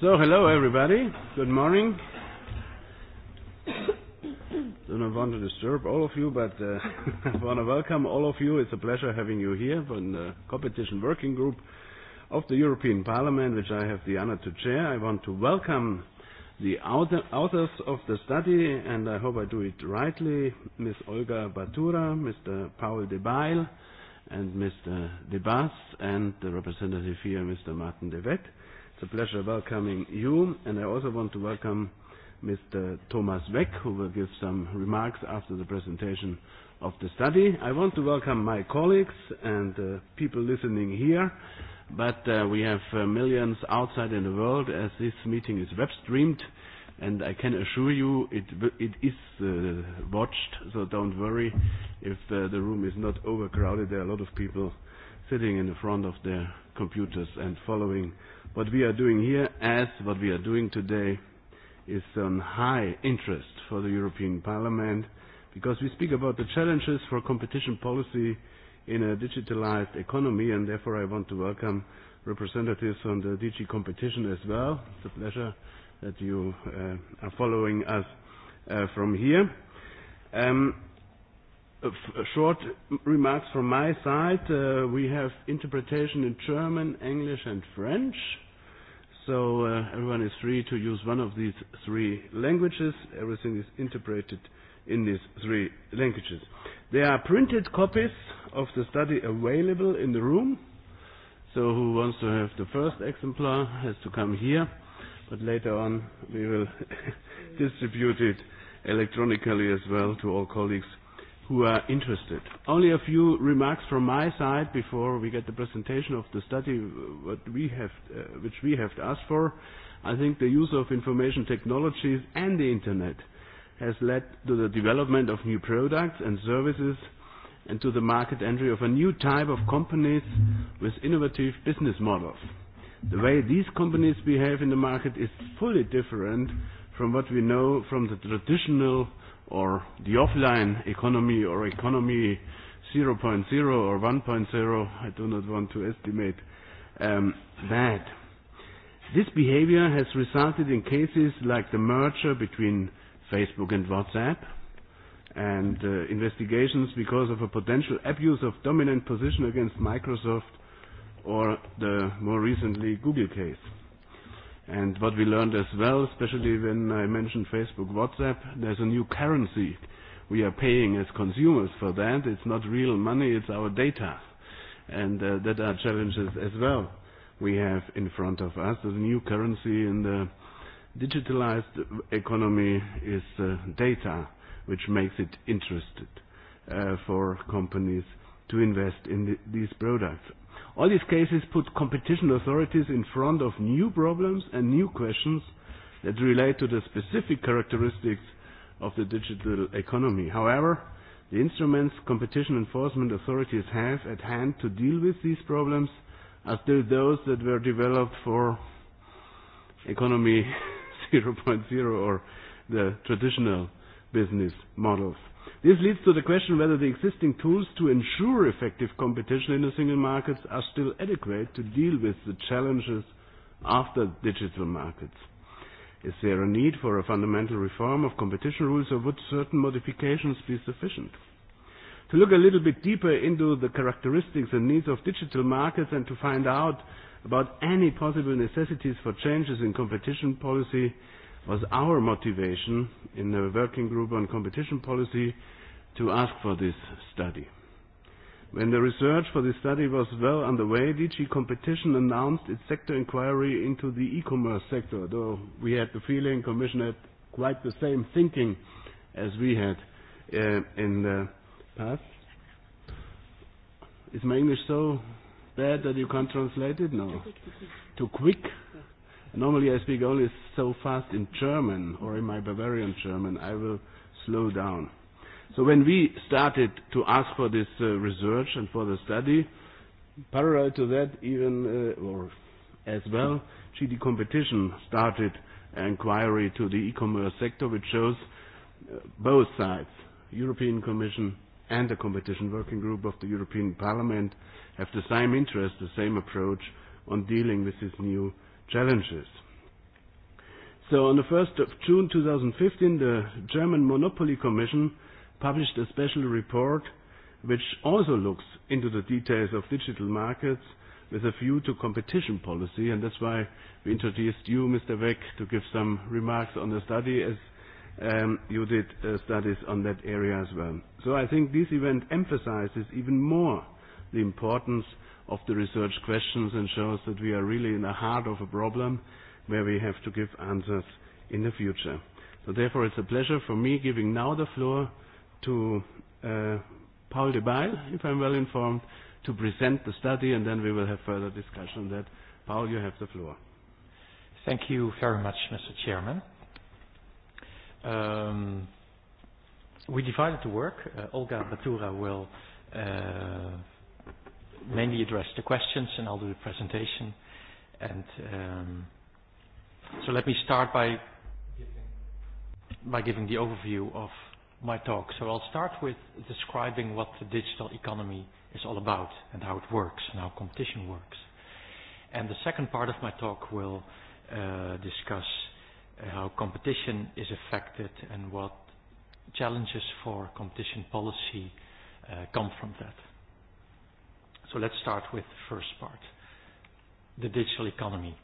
So, hello everybody. Good morning. Don't want to disturb all of you, but uh, I want to welcome all of you. It's a pleasure having you here from the Competition Working Group of the European Parliament, which I have the honor to chair. I want to welcome the author, authors of the study, and I hope I do it rightly, Ms. Olga Batura, Mr. Paul de Bail, and Mr. De Bas, and the representative here, Mr. Martin de Wet. It's a pleasure welcoming you, and I also want to welcome Mr. Thomas Weck, who will give some remarks after the presentation of the study. I want to welcome my colleagues and uh, people listening here, but uh, we have uh, millions outside in the world as this meeting is web streamed, and I can assure you it, it is uh, watched, so don't worry if uh, the room is not overcrowded. There are a lot of people uh, sitting in front of their computers and following what we are doing here as what we are doing today is on high interest for the European Parliament because we speak about the challenges for competition policy in a digitalized economy and therefore I want to welcome representatives on the DG competition as well. It's a pleasure that you uh, are following us uh, from here. Um, short remarks from my side. Uh, we have interpretation in German, English, and French. So uh, everyone is free to use one of these three languages. Everything is interpreted in these three languages. There are printed copies of the study available in the room. So who wants to have the first exemplar has to come here. But later on, we will distribute it electronically as well to all colleagues who are interested. Only a few remarks from my side before we get the presentation of the study what we have, uh, which we have asked for. I think the use of information technologies and the Internet has led to the development of new products and services and to the market entry of a new type of companies with innovative business models. The way these companies behave in the market is fully different from what we know from the traditional or the offline economy or economy 0.0 or 1.0, I do not want to estimate um, that. This behavior has resulted in cases like the merger between Facebook and WhatsApp and uh, investigations because of a potential abuse of dominant position against Microsoft or the more recently Google case. And what we learned as well, especially when I mentioned Facebook, WhatsApp, there's a new currency we are paying as consumers for that. It's not real money, it's our data. And uh, that are challenges as well we have in front of us. So the new currency in the digitalized economy is uh, data, which makes it interested uh, for companies to invest in th these products All these cases put competition authorities in front of new problems and new questions that relate to the specific characteristics of the digital economy. However, the instruments competition enforcement authorities have at hand to deal with these problems are still those that were developed for economy 0.0 or the traditional business models. This leads to the question whether the existing tools to ensure effective competition in the single markets are still adequate to deal with the challenges after digital markets. Is there a need for a fundamental reform of competition rules, or would certain modifications be sufficient? To look a little bit deeper into the characteristics and needs of digital markets and to find out about any possible necessities for changes in competition policy was our motivation in the working group on competition policy to ask for this study. When the research for this study was well underway, DG Competition announced its sector inquiry into the e-commerce sector, though we had the feeling Commission had quite the same thinking as we had uh, in the past. Is my English so bad that you can't translate it? No. Too quick. Too quick? Normally I speak only so fast in German or in my Bavarian German. I will slow down. So when we started to ask for this uh, research and for the study, parallel to that, even uh, or as well, GD Competition started an inquiry to the e-commerce sector, which shows uh, both sides, European Commission and the Competition Working Group of the European Parliament, have the same interest, the same approach on dealing with this new uh, challenges. So on the 1st of June 2015, the German Monopoly Commission published a special report which also looks into the details of digital markets with a view to competition policy, and that's why we introduced you, Mr. Weck, to give some remarks on the study as um, you did uh, studies on that area as well. So I think this event emphasizes even more the importance of the research questions and shows that we are really in the heart of a problem where we have to give answers in the future. So therefore, it's a pleasure for me giving now the floor to uh, Paul de Bail, if I'm well informed, to present the study, and then we will have further discussion on that. Paul, you have the floor. Thank you very much, Mr. Chairman. Um, we divided the work. Uh, Olga Batura will uh, mainly address the questions, and I'll do the presentation. And um, so let me start by by giving the overview of my talk. So I'll start with describing what the digital economy is all about and how it works and how competition works. And the second part of my talk will uh, discuss uh, how competition is affected and what challenges for competition policy uh, come from that. So let's start with the first part, the digital economy.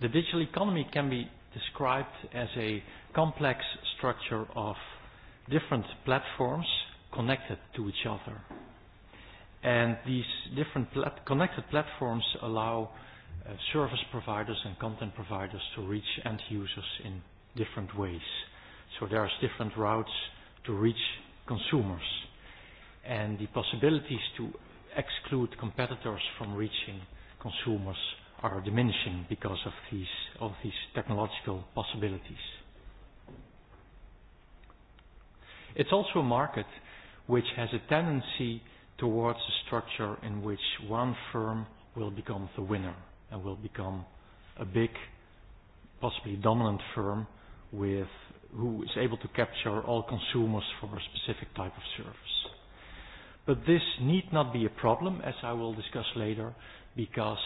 The digital economy can be described as a complex structure of different platforms connected to each other. And these different plat connected platforms allow uh, service providers and content providers to reach end users in different ways. So there's different routes to reach consumers and the possibilities to exclude competitors from reaching consumers are diminishing because of these, of these technological possibilities. It's also a market which has a tendency towards a structure in which one firm will become the winner and will become a big, possibly dominant firm with, who is able to capture all consumers for a specific type of service. But this need not be a problem, as I will discuss later, because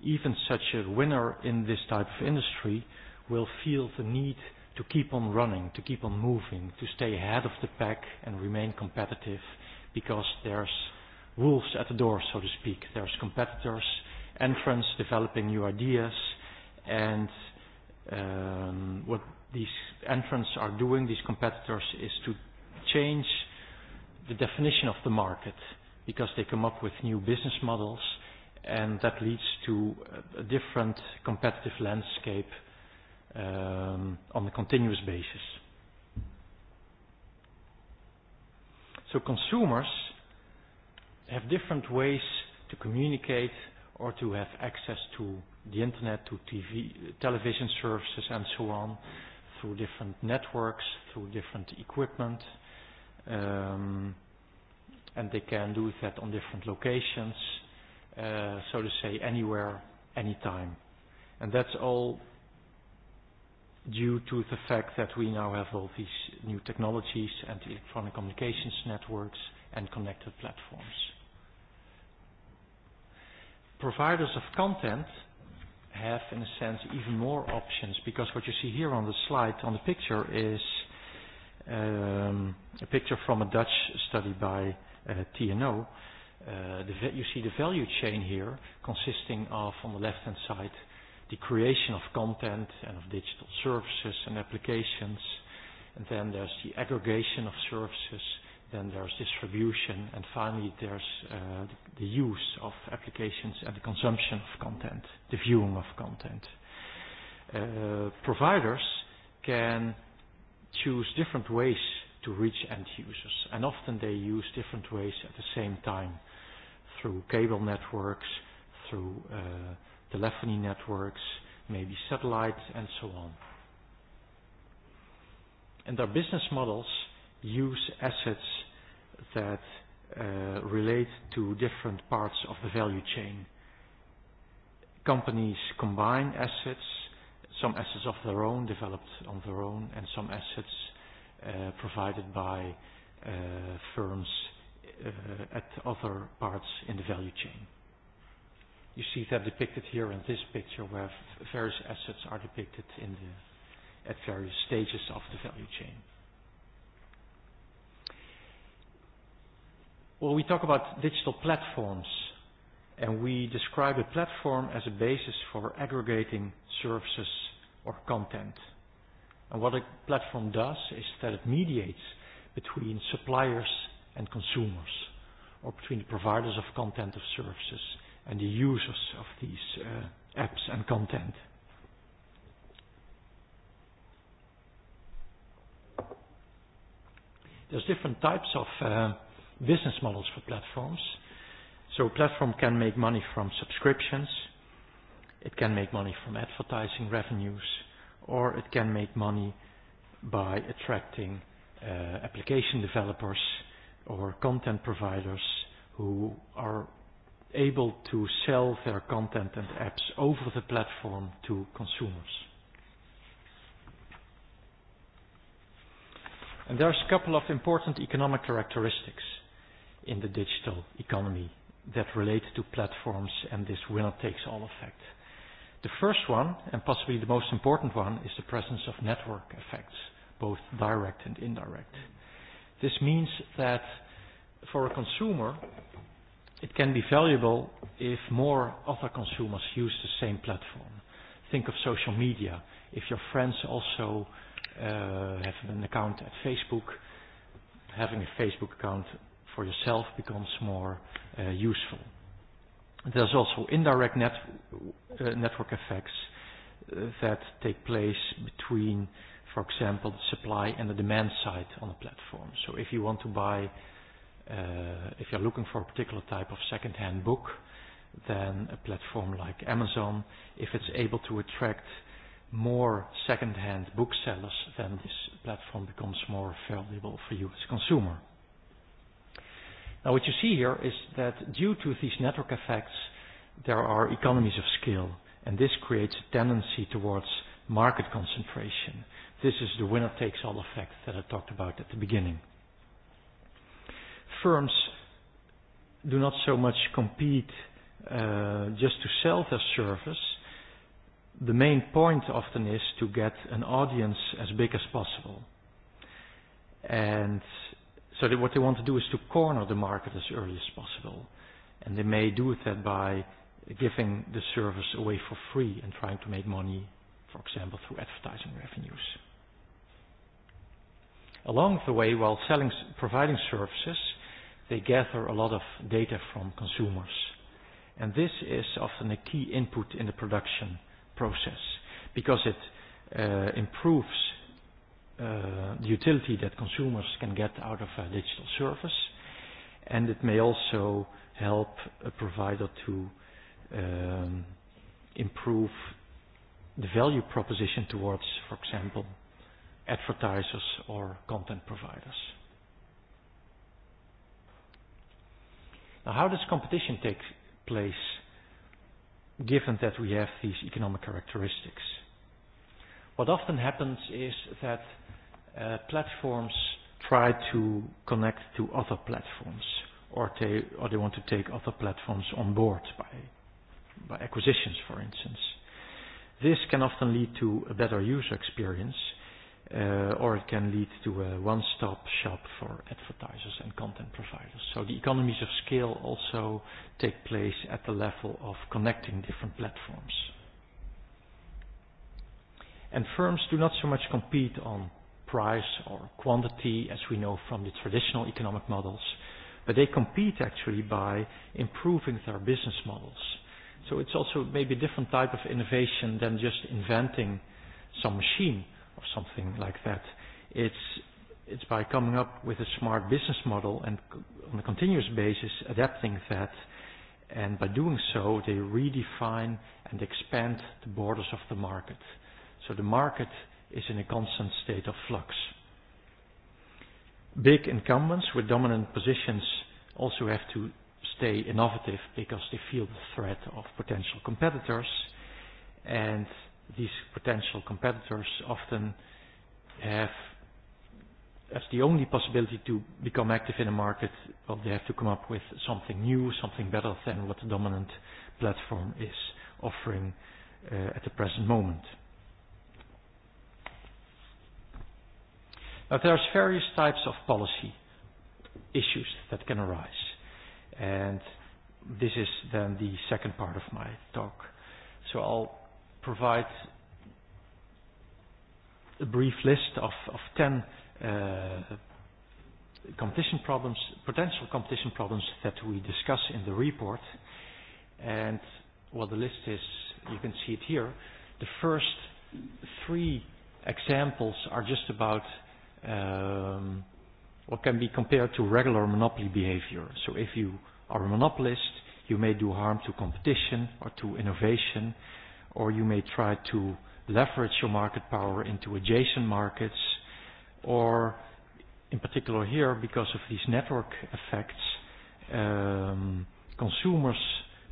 even such a winner in this type of industry will feel the need to keep on running, to keep on moving, to stay ahead of the pack and remain competitive because there's wolves at the door, so to speak. There's competitors, entrants developing new ideas, and um, what these entrants are doing, these competitors, is to change the definition of the market because they come up with new business models and that leads to a different competitive landscape um, on a continuous basis. So consumers have different ways to communicate or to have access to the internet, to TV, television services and so on through different networks, through different equipment. Uh, um, and they can do that on different locations, uh, so to say anywhere, anytime. And that's all due to the fact that we now have all these new technologies and the electronic communications networks and connected platforms. Providers of content have, in a sense, even more options because what you see here on the slide, on the picture, is uh, um, a picture from a Dutch study by uh, TNO. Uh, the, you see the value chain here consisting of, on the left-hand side, the creation of content and of digital services and applications. And then there's the aggregation of services. Then there's distribution. And finally, there's uh, the, the use of applications and the consumption of content, the viewing of content. Uh, providers can uh, choose different ways to reach end users, and often they use different ways at the same time through cable networks, through uh, telephony networks, maybe satellites, and so on. And our business models use assets that uh, relate to different parts of the value chain. Companies combine assets some assets of their own, developed on their own, and some assets uh, provided by uh, firms uh, at other parts in the value chain. You see that depicted here in this picture where various assets are depicted in the, at various stages of the value chain. Well, we talk about digital platforms, and we describe a platform as a basis for aggregating services or content. And what a platform does is that it mediates between suppliers and consumers, or between the providers of content of services and the users of these uh, apps and content. There's different types of uh, business models for platforms. So a platform can make money from subscriptions, It can make money from advertising revenues, or it can make money by attracting uh, application developers or content providers who are able to sell their content and apps over the platform to consumers. And there's a couple of important economic characteristics in the digital economy that relate to platforms and this winner-takes-all effect. Uh, The first one, and possibly the most important one, is the presence of network effects, both direct and indirect. This means that for a consumer, it can be valuable if more other consumers use the same platform. Think of social media. If your friends also uh, have an account at Facebook, having a Facebook account for yourself becomes more uh, useful. There's also indirect net, uh, network effects uh, that take place between, for example, the supply and the demand side on a platform. So if you want to buy, uh, if you're looking for a particular type of second-hand book, then a platform like Amazon, if it's able to attract more second-hand booksellers, then this platform becomes more valuable for you as a consumer. Now what you see here is that due to these network effects, there are economies of scale, and this creates a tendency towards market concentration. This is the winner-takes-all effect that I talked about at the beginning. Firms do not so much compete uh, just to sell their service. The main point often is to get an audience as big as possible. And So they, what they want to do is to corner the market as early as possible. And they may do that by giving the service away for free and trying to make money, for example, through advertising revenues. Along the way, while selling, providing services, they gather a lot of data from consumers. And this is often a key input in the production process because it uh, improves uh, the utility that consumers can get out of a digital service, and it may also help a provider to um, improve the value proposition towards, for example, advertisers or content providers. Now, how does competition take place given that we have these economic characteristics? What often happens is that uh, platforms try to connect to other platforms, or, they, or they want to take other platforms on board by, by acquisitions, for instance. This can often lead to a better user experience, uh, or it can lead to a one-stop shop for advertisers and content providers. So the economies of scale also take place at the level of connecting different platforms. And firms do not so much compete on price or quantity as we know from the traditional economic models, but they compete actually by improving their business models. So it's also maybe a different type of innovation than just inventing some machine or something like that. It's, it's by coming up with a smart business model and on a continuous basis adapting that and by doing so they redefine and expand the borders of the market. So the market is in a constant state of flux. Big incumbents with dominant positions also have to stay innovative because they feel the threat of potential competitors, and these potential competitors often have as the only possibility to become active in a market, well, they have to come up with something new, something better than what the dominant platform is offering uh, at the present moment. Now, there's various types of policy issues that can arise. And this is then the second part of my talk. So I'll provide a brief list of, of 10 uh, competition problems, potential competition problems that we discuss in the report. And well, the list is, you can see it here. The first three examples are just about uh, um, or can be compared to regular monopoly behavior. So if you are a monopolist, you may do harm to competition or to innovation, or you may try to leverage your market power into adjacent markets, or in particular here, because of these network effects, um, consumers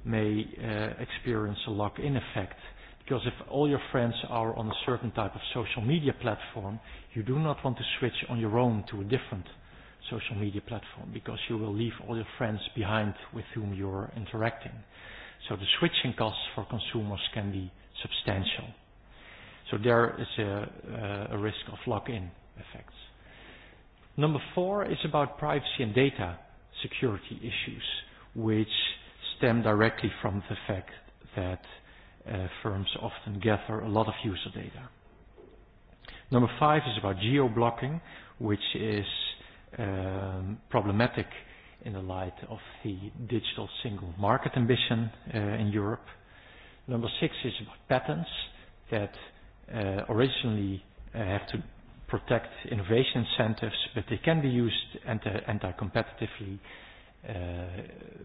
may uh, experience a lock-in effect uh, Because if all your friends are on a certain type of social media platform, you do not want to switch on your own to a different social media platform because you will leave all your friends behind with whom you're interacting. So the switching costs for consumers can be substantial. So there is a, uh, a risk of lock-in effects. Number four is about privacy and data security issues, which stem directly from the fact that uh, firms often gather a lot of user data. Number five is about geo-blocking, which is um, problematic in the light of the digital single market ambition uh, in Europe. Number six is about patents that uh, originally uh, have to protect innovation incentives, but they can be used anti-competitively anti, anti uh,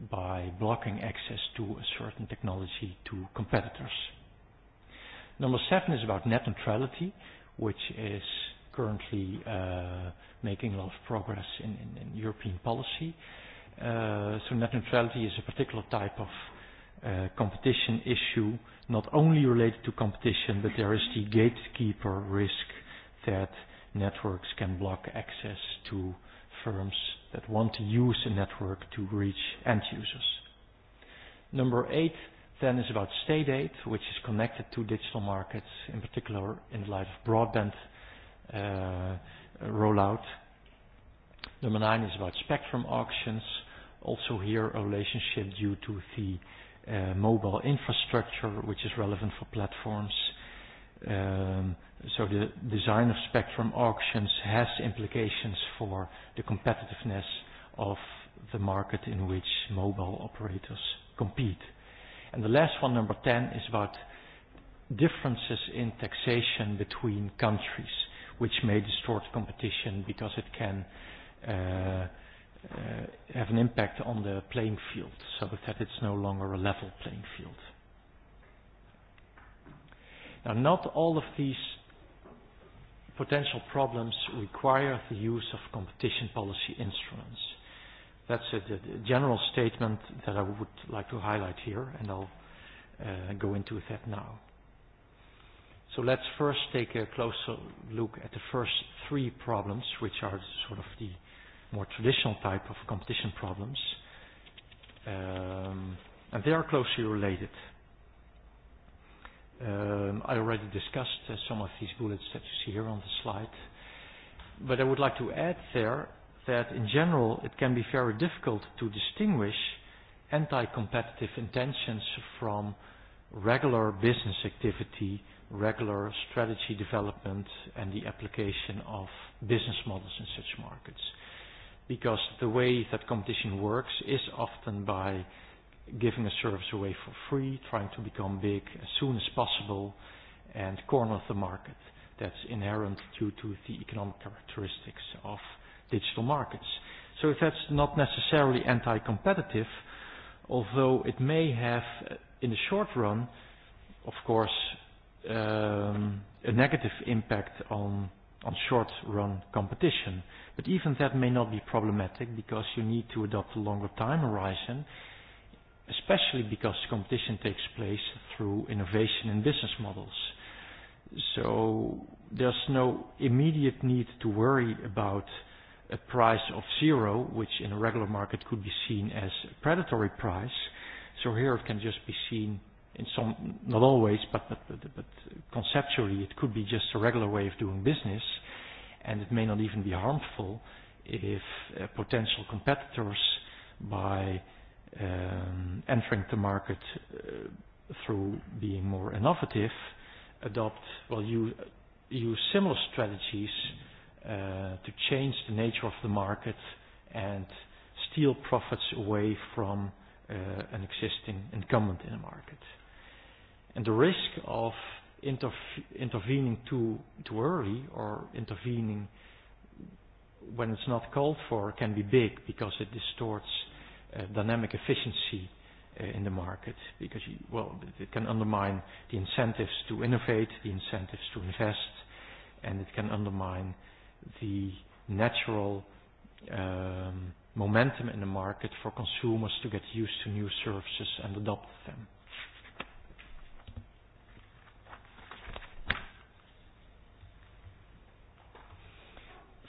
by blocking access to a certain technology to competitors. Number seven is about net neutrality, which is currently uh, making a lot of progress in, in, in European policy. Uh, so net neutrality is a particular type of uh, competition issue, not only related to competition, but there is the gatekeeper risk that networks can block access to firms uh, that want to use a network to reach end users. Number eight then is about state aid, which is connected to digital markets, in particular in the light of broadband uh, rollout. Number nine is about spectrum auctions, also here a relationship due to the uh, mobile infrastructure, which is relevant for platforms. Um, So the design of spectrum auctions has implications for the competitiveness of the market in which mobile operators compete. And the last one, number 10, is about differences in taxation between countries, which may distort competition because it can uh, uh, have an impact on the playing field, so that it's no longer a level playing field. Now, not all of these potential problems require the use of competition policy instruments. That's a, a general statement that I would like to highlight here, and I'll uh, go into that now. So let's first take a closer look at the first three problems, which are sort of the more traditional type of competition problems. Um, and they are closely related. Um, I already discussed uh, some of these bullets that you see here on the slide. But I would like to add there that in general it can be very difficult to distinguish anti-competitive intentions from regular business activity, regular strategy development and the application of business models in such markets. Because the way that competition works is often by uh, giving a service away for free, trying to become big as soon as possible, and corner the market. That's inherent due to the economic characteristics of digital markets. So if that's not necessarily anti-competitive, although it may have, in the short run, of course, um, a negative impact on, on short-run competition. But even that may not be problematic because you need to adopt a longer time horizon especially because competition takes place through innovation in business models. So there's no immediate need to worry about a price of zero, which in a regular market could be seen as a predatory price. So here it can just be seen in some, not always, but, but, but, but conceptually it could be just a regular way of doing business and it may not even be harmful if uh, potential competitors by uh, um, entering the market uh, through being more innovative, adopt, well, use, use similar strategies uh, to change the nature of the market and steal profits away from uh, an existing incumbent in the market. And the risk of interv intervening too, too early or intervening when it's not called for can be big because it distorts uh, Eh, dynamic efficiency eh, in the market because, you, well, it can undermine the incentives to innovate, the incentives to invest, and it can undermine the natural um, momentum in the market for consumers to get used to new services and adopt them.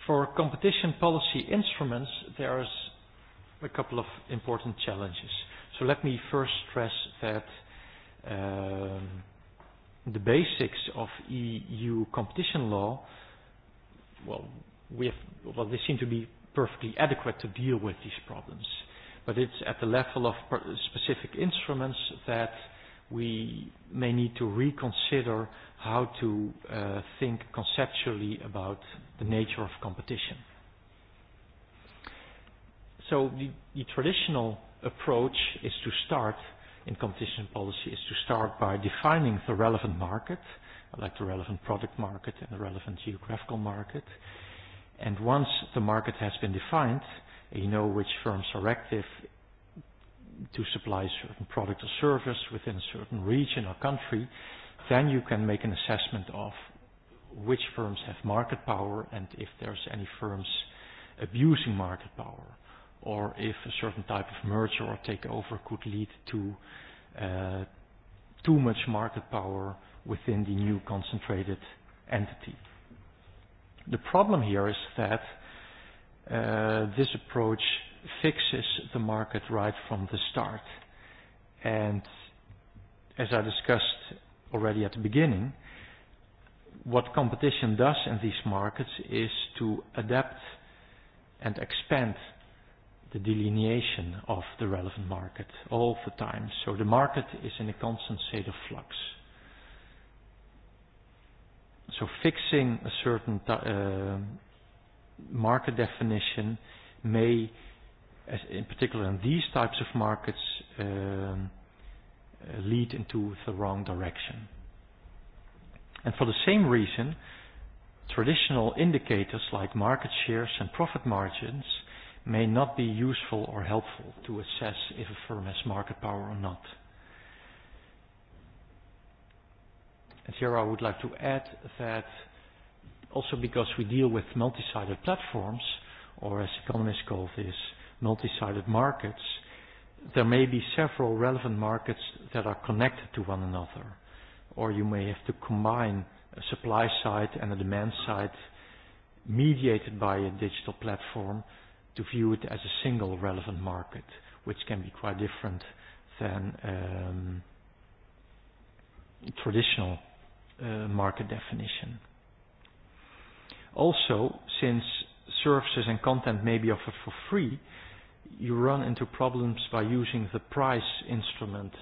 For competition policy instruments, there is a couple of important challenges. So let me first stress that um, the basics of EU competition law, well, we have, well, they seem to be perfectly adequate to deal with these problems. But it's at the level of specific instruments that we may need to reconsider how to uh, think conceptually about the nature of competition. So the, the traditional approach is to start in competition policy is to start by defining the relevant market, like the relevant product market and the relevant geographical market. And once the market has been defined, you know which firms are active to supply a certain product or service within a certain region or country, then you can make an assessment of which firms have market power and if there's any firms abusing market power or if a certain type of merger or takeover could lead to uh, too much market power within the new concentrated entity. The problem here is that uh, this approach fixes the market right from the start. And as I discussed already at the beginning, what competition does in these markets is to adapt and expand the delineation of the relevant market all the time. So the market is in a constant state of flux. So fixing a certain t uh, market definition may, as in particular in these types of markets, um, uh, lead into the wrong direction. And for the same reason, traditional indicators like market shares and profit margins – may not be useful or helpful to assess if a firm has market power or not. And here I would like to add that also because we deal with multi-sided platforms, or as economists call this, multi-sided markets, there may be several relevant markets that are connected to one another. Or you may have to combine a supply side and a demand side mediated by a digital platform to view it as a single relevant market, which can be quite different than um, traditional uh, market definition. Also, since services and content may be offered for free, you run into problems by using the price instrument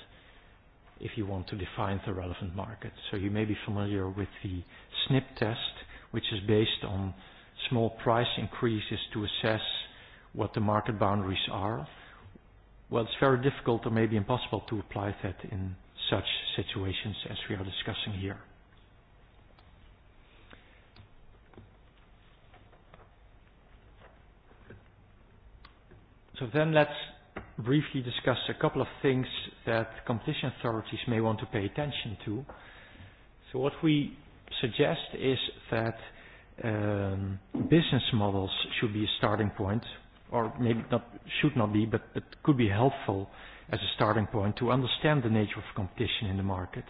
if you want to define the relevant market. So you may be familiar with the SNP test, which is based on small price increases to assess what the market boundaries are, well, it's very difficult or maybe impossible to apply that in such situations as we are discussing here. So then let's briefly discuss a couple of things that competition authorities may want to pay attention to. So what we suggest is that um, business models should be a starting point or maybe not should not be, but it could be helpful as a starting point to understand the nature of competition in the market.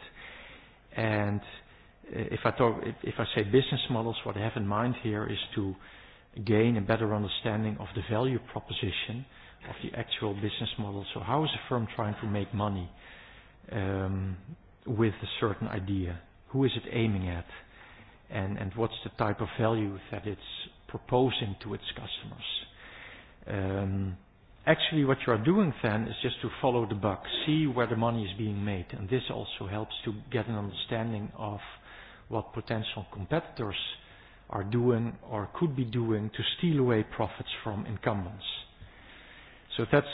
And uh, if I talk, if, if I say business models, what I have in mind here is to gain a better understanding of the value proposition of the actual business model. So how is a firm trying to make money um, with a certain idea? Who is it aiming at? And, and what's the type of value that it's proposing to its customers? Um, actually, what you are doing then is just to follow the buck, see where the money is being made, and this also helps to get an understanding of what potential competitors are doing or could be doing to steal away profits from incumbents. So that's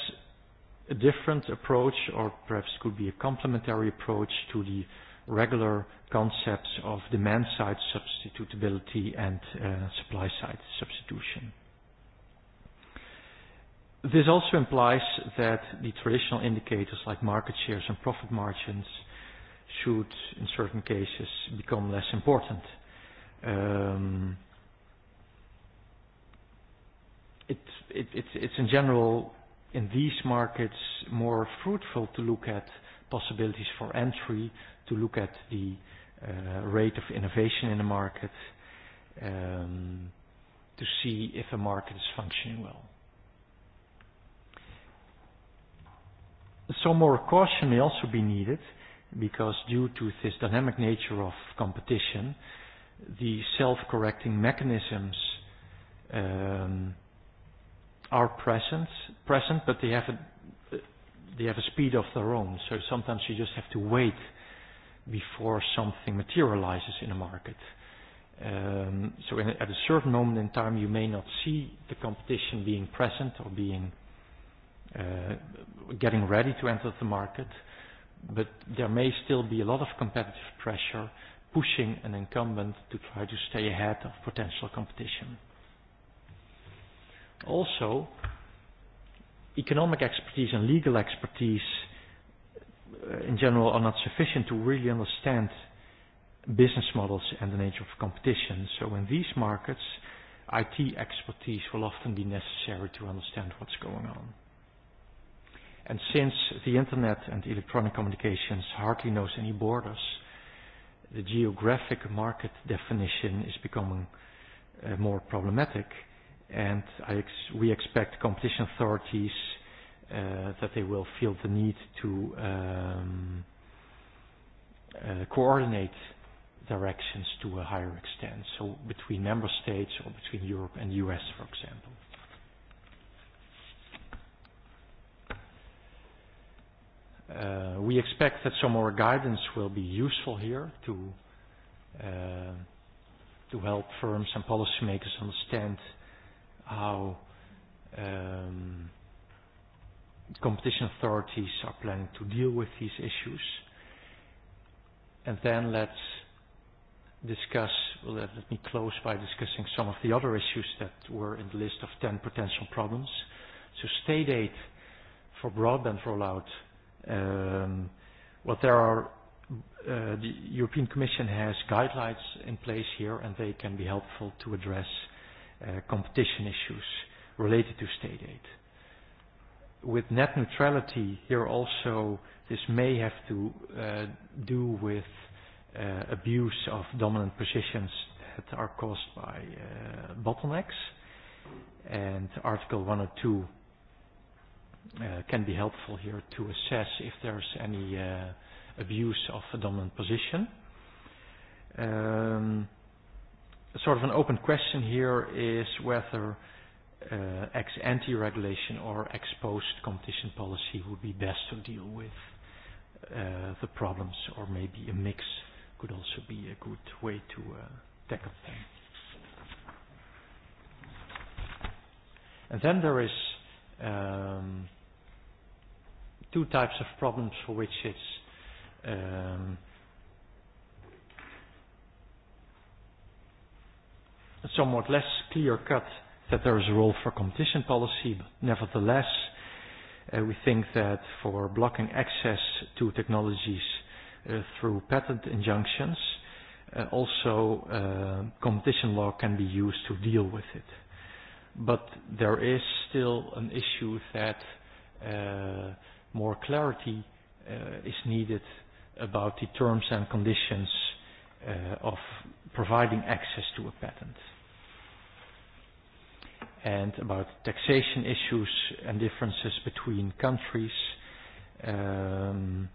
a different approach, or perhaps could be a complementary approach to the regular concepts of demand-side substitutability and uh, supply-side substitution. This also implies that the traditional indicators like market shares and profit margins should, in certain cases, become less important. Um, it, it, it's, it's in general, in these markets, more fruitful to look at possibilities for entry, to look at the uh, rate of innovation in the market, um, to see if a market is functioning well. some more caution may also be needed because due to this dynamic nature of competition, the self-correcting mechanisms um, are present, present, but they have a they have a speed of their own. So sometimes you just have to wait before something materializes in a market. Um, so in, at a certain moment in time, you may not see the competition being present or being uh, getting ready to enter the market, but there may still be a lot of competitive pressure pushing an incumbent to try to stay ahead of potential competition. Also, economic expertise and legal expertise uh, in general are not sufficient to really understand business models and the nature of competition. So in these markets, IT expertise will often be necessary to understand what's going on. And since the internet and electronic communications hardly knows any borders, the geographic market definition is becoming uh, more problematic. And I ex we expect competition authorities uh, that they will feel the need to um, uh, coordinate directions to a higher extent, so between member states or between Europe and US, for example. Uh, we expect that some more guidance will be useful here to uh, to help firms and policymakers understand how um, competition authorities are planning to deal with these issues. And then let's discuss, well, let, let me close by discussing some of the other issues that were in the list of 10 potential problems. So state aid for broadband rollout Um, well, there are, uh, the European Commission has guidelines in place here, and they can be helpful to address uh, competition issues related to state aid. With net neutrality, here also this may have to uh, do with uh, abuse of dominant positions that are caused by uh, bottlenecks. And Article 102 uh, can be helpful here to assess if there's any uh, abuse of a dominant position. Um, sort of an open question here is whether uh, ex-ante regulation or ex-post competition policy would be best to deal with uh, the problems, or maybe a mix could also be a good way to uh, tackle them. And then there is um, two types of problems for which it's um, somewhat less clear-cut that there is a role for competition policy, but nevertheless, uh, we think that for blocking access to technologies uh, through patent injunctions, uh, also uh, competition law can be used to deal with it. But there is still an issue that uh, more clarity uh, is needed about the terms and conditions uh, of providing access to a patent and about taxation issues and differences between countries. Um,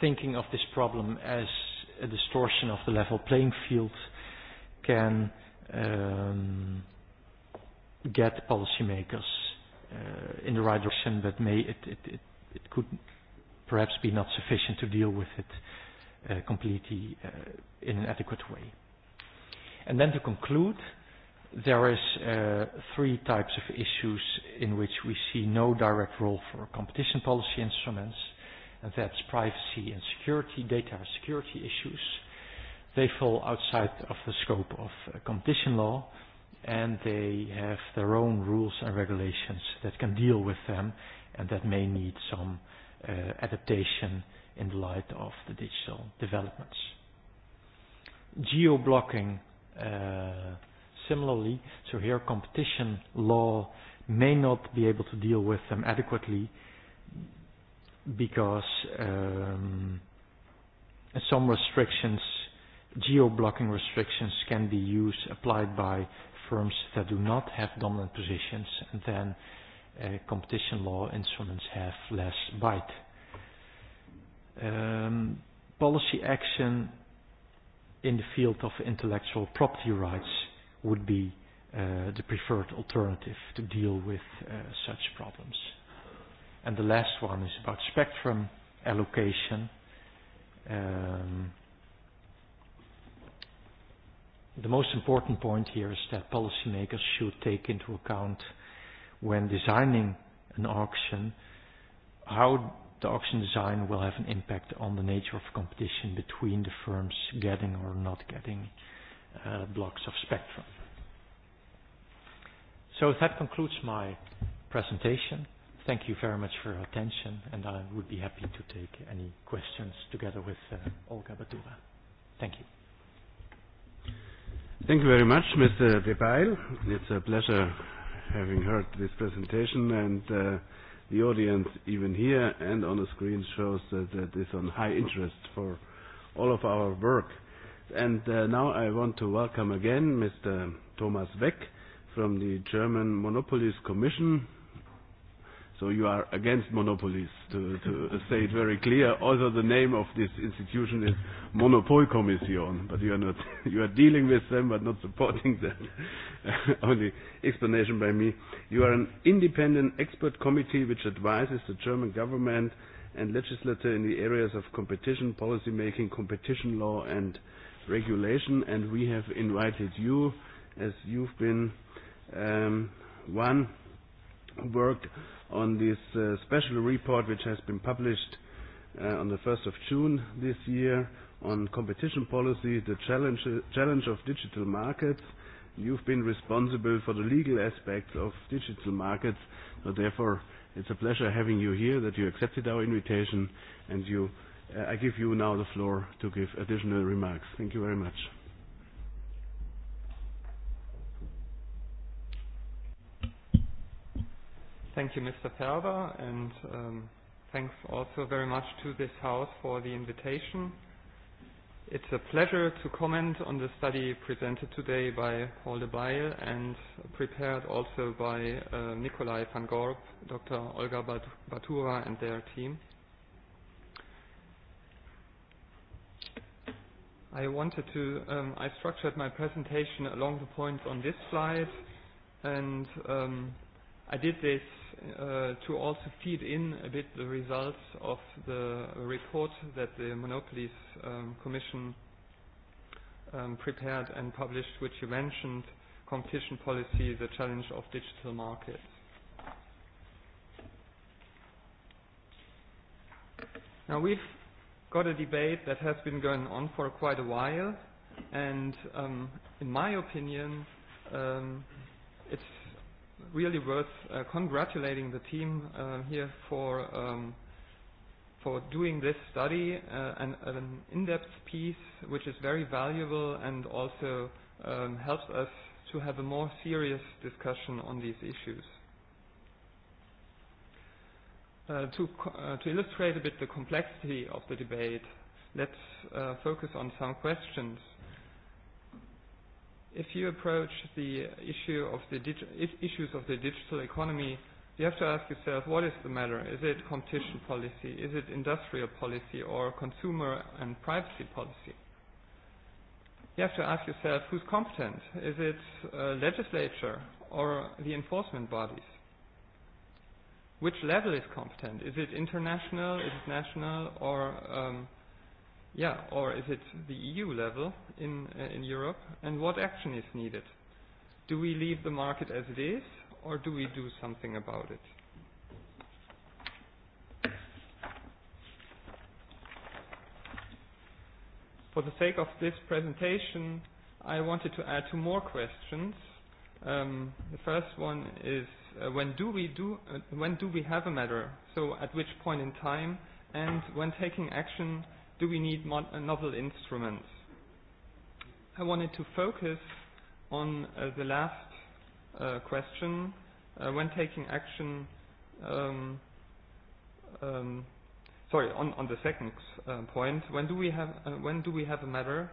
thinking of this problem as a distortion of the level playing field can um, get policymakers uh, in the right direction, but may it, it, it, it could perhaps be not sufficient to deal with it uh, completely uh, in an adequate way. And then to conclude, there is uh, three types of issues in which we see no direct role for competition policy instruments, and that's privacy and security, data security issues. They fall outside of the scope of uh, competition law, uh, and they have their own rules and regulations that can deal with them and that may need some uh, adaptation in the light of the digital developments. Geo-blocking, uh, similarly, so here competition law may not be able to deal with them adequately because um, some restrictions, geo-blocking restrictions can be used, applied by firms that do not have dominant positions, and then uh, competition law instruments have less bite. Um, policy action in the field of intellectual property rights would be uh, the preferred alternative to deal with uh, such problems. And the last one is about spectrum allocation. Um, the most important point here is that policymakers should take into account when designing an auction how the auction design will have an impact on the nature of competition between the firms getting or not getting uh, blocks of spectrum. So that concludes my presentation. Thank you very much for your attention, and I would be happy to take any questions together with uh, Olga Batura. Thank you. Thank you very much, Mr. Depail. It's a pleasure having heard this presentation, and uh, the audience, even here and on the screen, shows that, that is on high interest for all of our work. And uh, now I want to welcome again Mr. Thomas Weck from the German Monopolies Commission, So you are against monopolies, to, to say it very clear. Although the name of this institution is Monopolkommission, but you are not, you are dealing with them but not supporting them. Only explanation by me. You are an independent expert committee which advises the German government and legislature in the areas of competition, policy making, competition law and regulation. And we have invited you as you've been um, one who worked on this uh, special report which has been published uh, on the 1st of June this year on competition policy, the challenge, uh, challenge of digital markets. You've been responsible for the legal aspects of digital markets, so therefore it's a pleasure having you here, that you accepted our invitation, and you, uh, I give you now the floor to give additional remarks. Thank you very much. Thank you, Mr. Ferber, and um, thanks also very much to this House for the invitation. It's a pleasure to comment on the study presented today by Paul de Beil and prepared also by uh, Nikolai van Gorp, Dr. Olga Batura and their team. I wanted to, um, I structured my presentation along the points on this slide and um, I did this uh, to also feed in a bit the results of the report that the Monopolies um, Commission um, prepared and published, which you mentioned, Competition Policy, the Challenge of Digital Markets. Now we've got a debate that has been going on for quite a while, and um, in my opinion, um, it's really worth uh, congratulating the team uh, here for um, for doing this study uh, and an in-depth piece which is very valuable and also um, helps us to have a more serious discussion on these issues. Uh, to, uh, to illustrate a bit the complexity of the debate, let's uh, focus on some questions if you approach the issue of the digi issues of the digital economy, you have to ask yourself, what is the matter? Is it competition policy? Is it industrial policy or consumer and privacy policy? You have to ask yourself, who's competent? Is it uh, legislature or the enforcement bodies? Which level is competent? Is it international, is it national, or um, yeah, or is it the EU level in, uh, in Europe, and what action is needed? Do we leave the market as it is, or do we do something about it? For the sake of this presentation, I wanted to add two more questions. Um, the first one is uh, when do we do uh, when do we have a matter? So at which point in time, and when taking action, do we need mod- uh, novel instruments? I wanted to focus on uh, the last uh, question. Uh, when taking action, um, um, sorry, on, on the second uh, point, when do we have uh, when do we have a matter?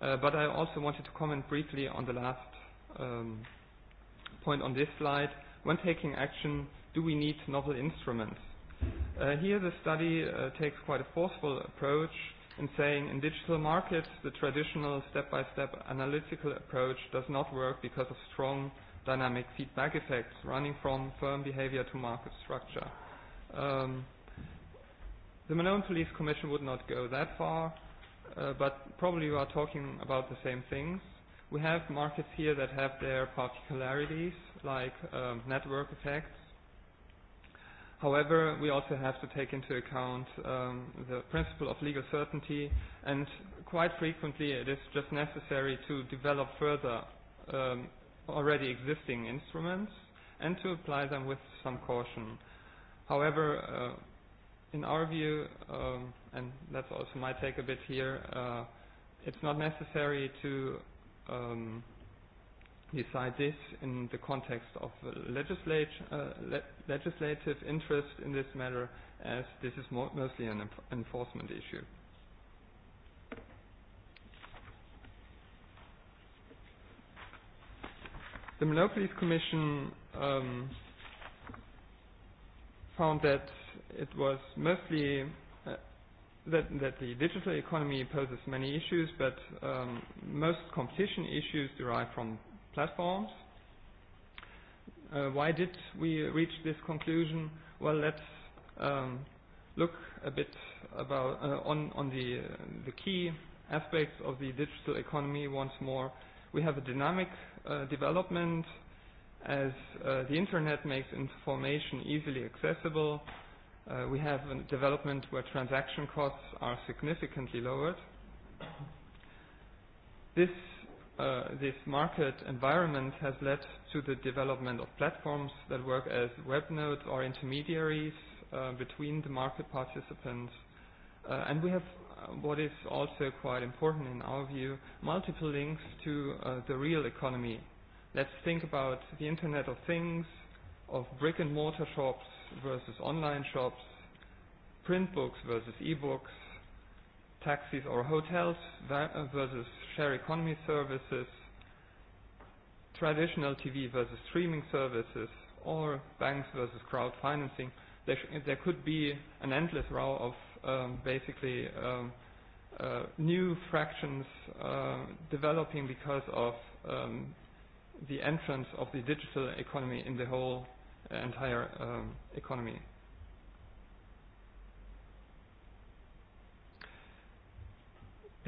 Uh, but I also wanted to comment briefly on the last um, point on this slide. When taking action, do we need novel instruments? Uh, here the study uh, takes quite a forceful approach in saying in digital markets the traditional step-by-step -step analytical approach does not work because of strong dynamic feedback effects running from firm behavior to market structure. Um, the Malone Police Commission would not go that far, uh, but probably we are talking about the same things. We have markets here that have their particularities, like um, network effects, However, we also have to take into account um, the principle of legal certainty, and quite frequently it is just necessary to develop further um, already existing instruments and to apply them with some caution. However, uh, in our view, um, and that's also my take a bit here, uh, it's not necessary to um, Besides this, in the context of legislate, uh, le legislative interest in this matter, as this is mo mostly an enf enforcement issue. The Monopolies Commission um, found that it was mostly uh, that, that the digital economy poses many issues, but um, most competition issues derive from platforms. Uh, why did we reach this conclusion? Well, let's um, look a bit about uh, on on the uh, the key aspects of the digital economy once more. We have a dynamic uh, development as uh, the internet makes information easily accessible. Uh, we have a development where transaction costs are significantly lowered. This uh, this market environment has led to the development of platforms that work as web nodes or intermediaries uh, between the market participants. Uh, and we have uh, what is also quite important in our view, multiple links to uh, the real economy. Let's think about the Internet of Things, of brick and mortar shops versus online shops, print books versus e-books, taxis or hotels uh, versus share economy services, traditional TV versus streaming services, or banks versus crowd financing. There, sh there could be an endless row of um, basically um, uh, new fractions uh, developing because of um, the entrance of the digital economy in the whole entire um, economy.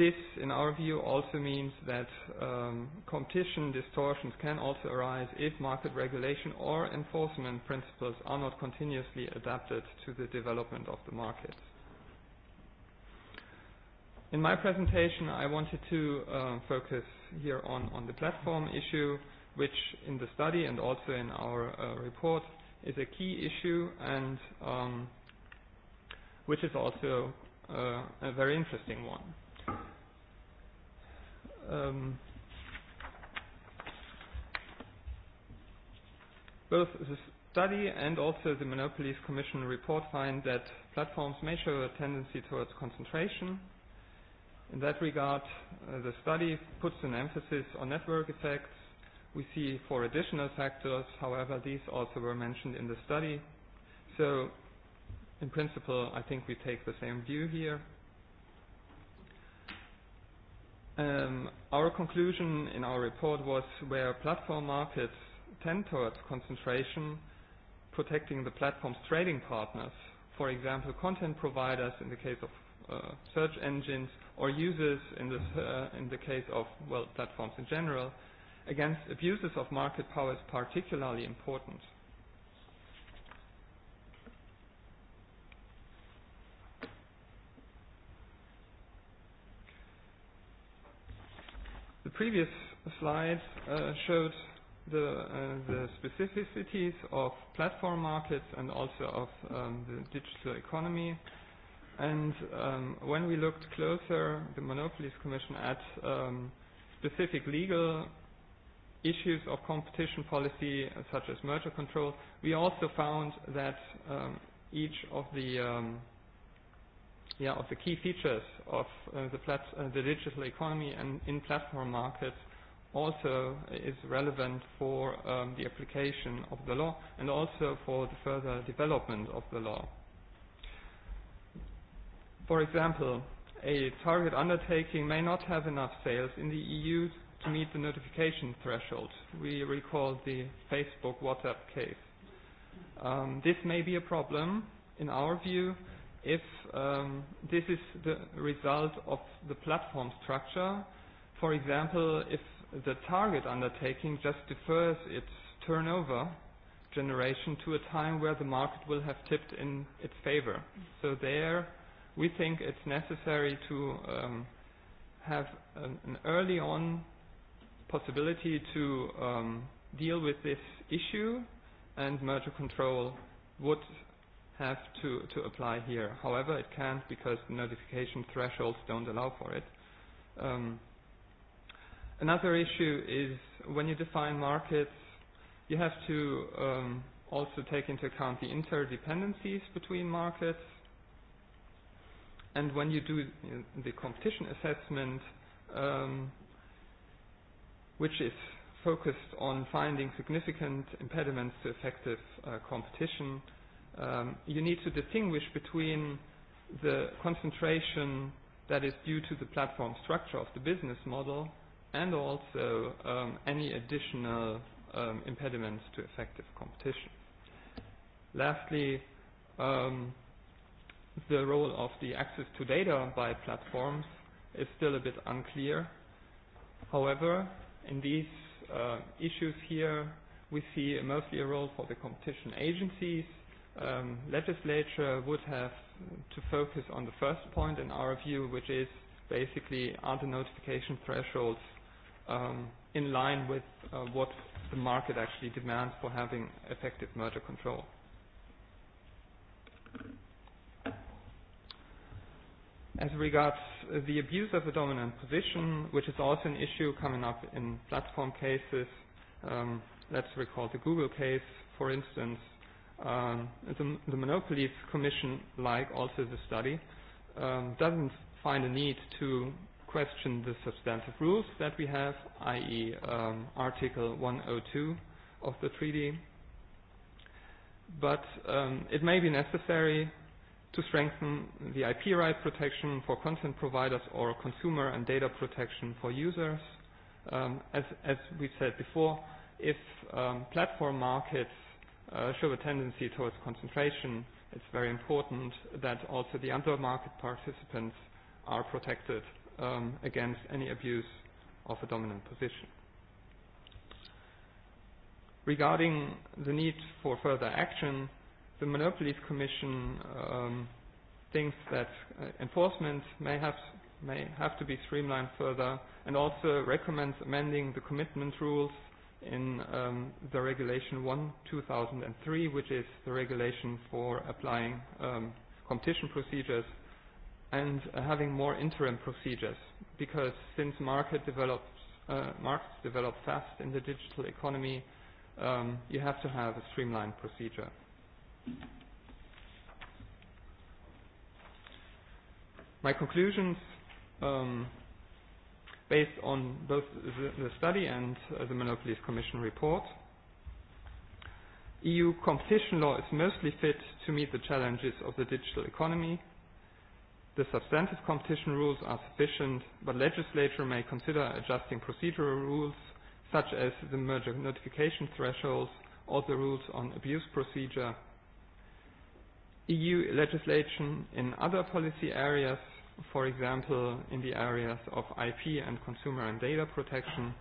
This, in our view, also means that um, competition distortions can also arise if market regulation or enforcement principles are not continuously adapted to the development of the markets. In my presentation, I wanted to uh, focus here on, on the platform issue, which in the study and also in our uh, report is a key issue and um, which is also uh, a very interesting one um, both the study and also the Monopolies Commission report find that platforms may show a tendency towards concentration. In that regard, uh, the study puts an emphasis on network effects. We see four additional factors, however, these also were mentioned in the study. So, in principle, I think we take the same view here. Um, our conclusion in our report was where platform markets tend towards concentration, protecting the platform's trading partners, for example, content providers in the case of uh, search engines or users in, this, uh, in the case of, well, platforms in general, against abuses of market power is particularly important. The previous slide uh, showed the, uh, the specificities of platform markets and also of um, the digital economy. And um, when we looked closer, the Monopolies Commission, at um, specific legal issues of competition policy, uh, such as merger control, we also found that um, each of the um, yeah, of the key features of uh, the, plat uh, the digital economy and in-platform markets also is relevant for um, the application of the law and also for the further development of the law. For example, a target undertaking may not have enough sales in the EU to meet the notification threshold. We recall the Facebook WhatsApp case. Um, this may be a problem, in our view, if um, this is the result of the platform structure. For example, if the target undertaking just defers its turnover generation to a time where the market will have tipped in its favor. So there, we think it's necessary to um, have an, an early on possibility to um, deal with this issue and merger control would have to, to apply here. However, it can't because the notification thresholds don't allow for it. Um, another issue is when you define markets, you have to um, also take into account the interdependencies between markets. And when you do the competition assessment, um, which is focused on finding significant impediments to effective uh, competition, um, you need to distinguish between the concentration that is due to the platform structure of the business model and also um, any additional um, impediments to effective competition. Lastly, um, the role of the access to data by platforms is still a bit unclear. However, in these uh, issues here, we see mostly a role for the competition agencies um, legislature would have to focus on the first point in our view, which is basically are the notification thresholds um, in line with uh, what the market actually demands for having effective merger control. As regards the abuse of a dominant position, which is also an issue coming up in platform cases, um, let's recall the Google case, for instance, um, the, the Monopolies Commission, like also the study, um, doesn't find a need to question the substantive rules that we have, i.e. Um, Article 102 of the treaty, but um, it may be necessary to strengthen the IP right protection for content providers or consumer and data protection for users. Um, as, as we said before, if um, platform markets uh, show a tendency towards concentration, it's very important that also the other market participants are protected um, against any abuse of a dominant position. Regarding the need for further action, the Monopolies Commission um, thinks that uh, enforcement may have, may have to be streamlined further and also recommends amending the commitment rules in um, the Regulation 1 2003, which is the regulation for applying um, competition procedures and uh, having more interim procedures because since market develops, uh, markets develop fast in the digital economy, um, you have to have a streamlined procedure. My conclusions um, based on both the, the study and uh, the Monopolies Commission report. EU competition law is mostly fit to meet the challenges of the digital economy. The substantive competition rules are sufficient, but legislature may consider adjusting procedural rules such as the merger notification thresholds or the rules on abuse procedure. EU legislation in other policy areas for example, in the areas of IP and consumer and data protection,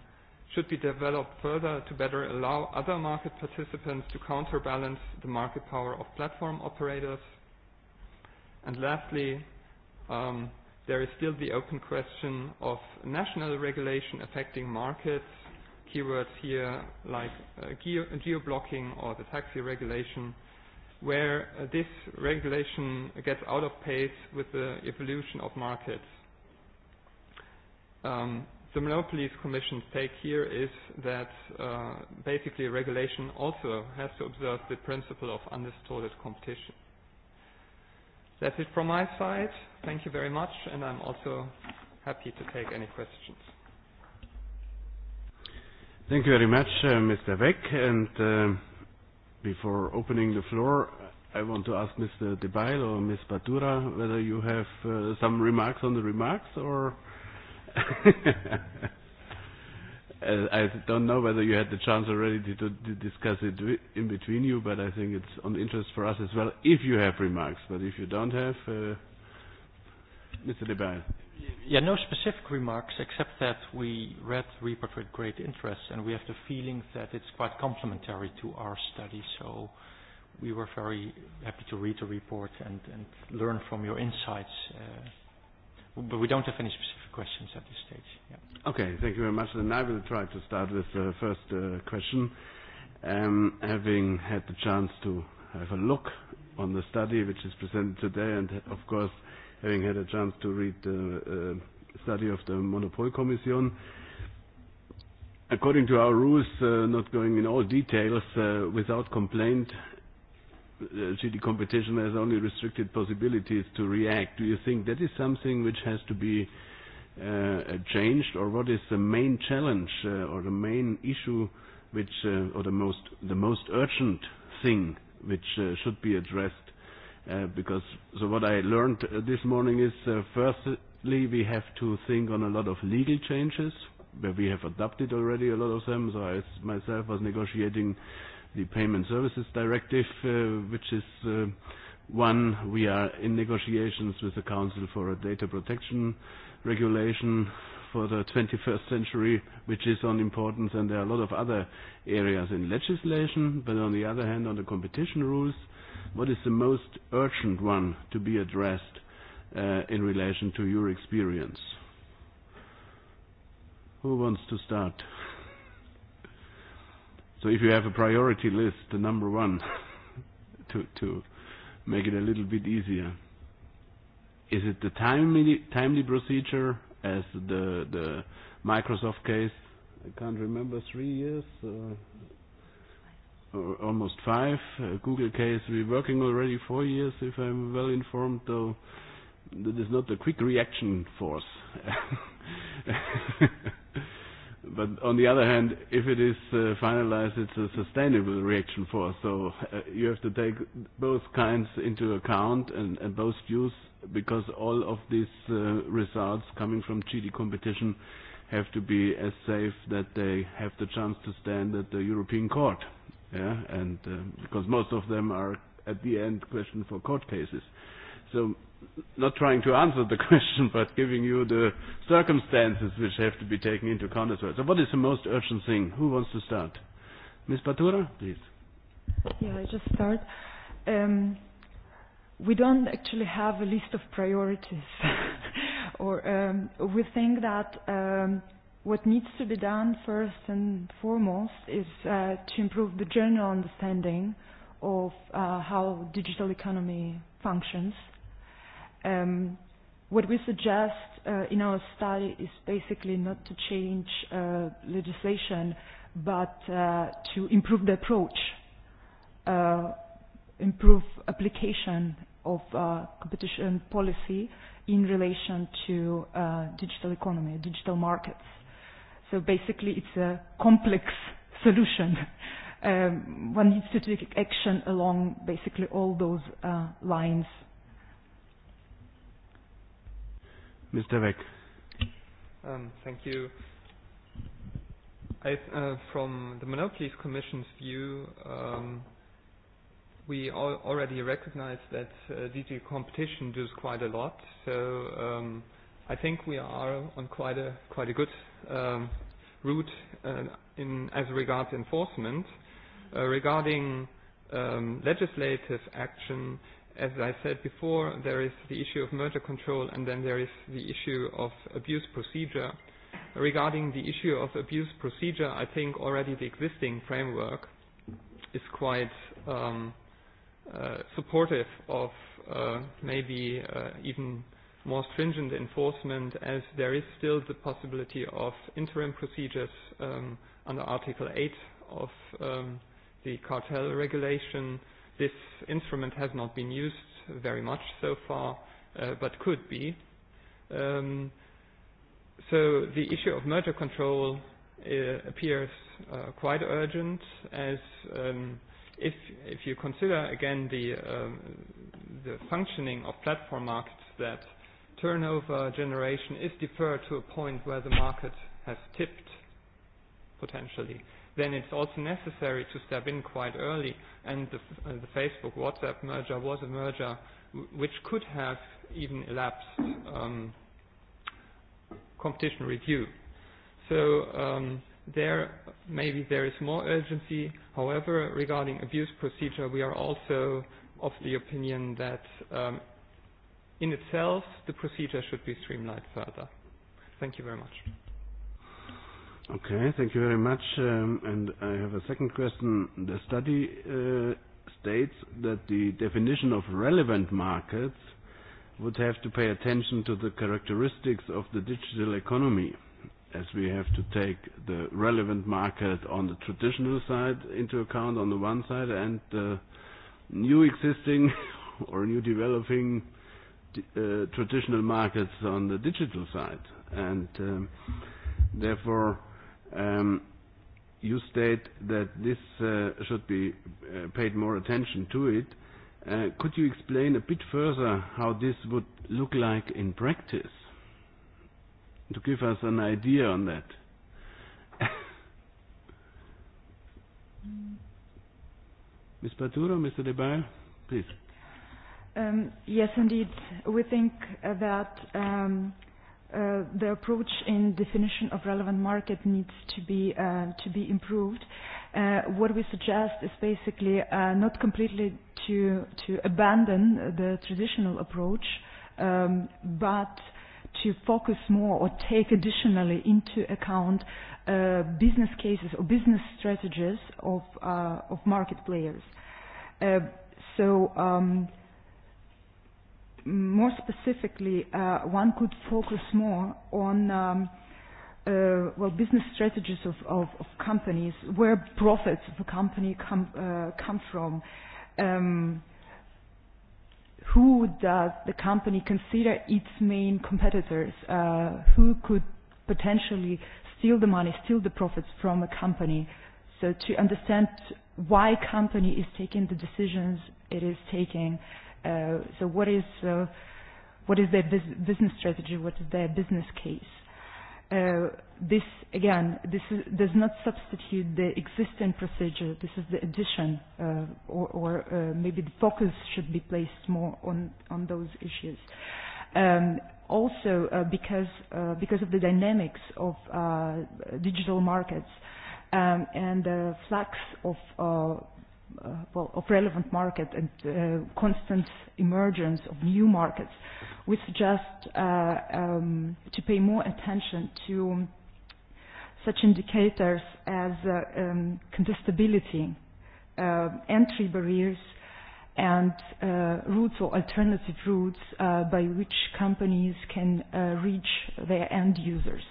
should be developed further to better allow other market participants to counterbalance the market power of platform operators. And lastly, um, there is still the open question of national regulation affecting markets, keywords here like uh, ge geo-blocking or the taxi regulation, uh, where uh, this regulation gets out of pace with the evolution of markets. Um, the Monopolies Commission's take here is that uh, basically regulation also has to observe the principle of undistorted competition. That's it from my side. Thank you very much, and I'm also happy to take any questions. Thank you very much, uh, Mr. Beck. And, uh, Before opening the floor, I want to ask Mr. Debail or Ms. Batura whether you have uh, some remarks on the remarks or uh, I don't know whether you had the chance already to, to discuss it in between you, but I think it's on interest for us as well if you have remarks. But if you don't have, uh, Mr. Debail. Yeah, no specific remarks except that we read the report with great interest and we have the feeling that it's quite complementary to our study. So we were very happy to read the report and, and learn from your insights. Uh, but we don't have any specific questions at this stage. Yeah. Okay, thank you very much. Then I will try to start with the first uh, question. Um, having had the chance to have a look on the study which is presented today and of course uh, having had a chance to read the uh, study of the Monopol Commission. According to our rules, uh, not going in all details, uh, without complaint, uh, GD competition has only restricted possibilities to react. Do you think that is something which has to be uh, changed, or what is the main challenge uh, or the main issue which, uh, or the most, the most urgent thing which uh, should be addressed uh, because so what I learned uh, this morning is uh, firstly we have to think on a lot of legal changes where we have adopted already a lot of them. So I myself was negotiating the Payment Services Directive, uh, which is uh, one we are in negotiations with the Council for a data protection regulation for the 21st century, which is on importance, and there are a lot of other areas in legislation, but on the other hand, on the competition rules, uh, What is the most urgent one to be addressed uh, in relation to your experience? Who wants to start? So if you have a priority list, the number one, to, to make it a little bit easier. Is it the timely, timely procedure as the, the Microsoft case? I can't remember, three years? Uh, Uh, almost five. Uh, Google case, we're working already four years, if I'm well informed, though that is not a quick reaction force. but on the other hand, if it is uh, finalized, it's a sustainable reaction force. So uh, you have to take both kinds into account and, and both views because all of these uh, results coming from GD competition have to be as safe that they have the chance to stand at the European court. Uh, yeah, and um, because most of them are at the end questions for court cases. So, not trying to answer the question, but giving you the circumstances which have to be taken into account as well. So, what is the most urgent thing? Who wants to start? Ms. Batura, please. Yeah, I just start. Um, we don't actually have a list of priorities, or um, we think that. Um, what needs to be done first and foremost is uh, to improve the general understanding of uh, how digital economy functions. Um, what we suggest uh, in our study is basically not to change uh, legislation, but uh, to improve the approach, uh, improve application of uh, competition policy in relation to uh, digital economy, digital markets So basically, it's a complex solution. Um, one needs to take action along basically all those uh, lines. Mr. Beck. Um, thank you. I, uh, from the Monopolies Commission's view, um, we al already recognize that uh, DG competition does quite a lot. So um, I think we are on quite a quite a good um, route uh, in as regards enforcement. Uh, regarding um, legislative action, as I said before, there is the issue of merger control, and then there is the issue of abuse procedure. Regarding the issue of abuse procedure, I think already the existing framework is quite um, uh, supportive of uh, maybe uh, even uh, more stringent enforcement as there is still the possibility of interim procedures um, under Article 8 of um, the cartel regulation. This instrument has not been used very much so far, uh, but could be. Um, so the issue of merger control uh, appears uh, quite urgent as um, if, if you consider again the, um, the functioning of platform markets that uh, turnover generation is deferred to a point where the market has tipped, potentially, then it's also necessary to step in quite early. And the, uh, the Facebook WhatsApp merger was a merger which could have even elapsed um, competition review. So um, there, maybe there is more urgency. However, regarding abuse procedure, we are also of the opinion that um, in itself, the procedure should be streamlined further. Thank you very much. Okay, thank you very much. Um, and I have a second question. The study uh, states that the definition of relevant markets would have to pay attention to the characteristics of the digital economy, as we have to take the relevant market on the traditional side into account on the one side and the new existing or new developing uh, uh, traditional markets on the digital side. And um, therefore, um, you state that this uh, should be uh, paid more attention to it. Uh, could you explain a bit further how this would look like in practice? To give us an idea on that. Ms. Paturo, Mr. Debail, please. Um, yes, indeed. We think uh, that um, uh, the approach in definition of relevant market needs to be uh, to be improved. Uh, what we suggest is basically uh, not completely to to abandon the traditional approach, um, but to focus more or take additionally into account uh, business cases or business strategies of uh, of market players. Uh, so. Um, more specifically, uh, one could focus more on um, uh, well business strategies of, of, of companies, where profits of a company come uh, come from. Um, who does the company consider its main competitors? Uh, who could potentially steal the money, steal the profits from a company? So to understand why company is taking the decisions it is taking. Uh, Uh, so what is, uh, what is their bus- business strategy? What is their business case? Uh, this, again, this is, does not substitute the existing procedure. This is the addition, uh, or, or uh, maybe the focus should be placed more on, on those issues. Um, also, uh, because, uh, because of the dynamics of uh, digital markets um, and the flux of uh, uh, well, of relevant market and uh, constant emergence of new markets, we suggest uh, um, to pay more attention to such indicators as uh, um, contestability, uh, entry barriers, and uh, routes or alternative routes uh, by which companies can uh, reach their end users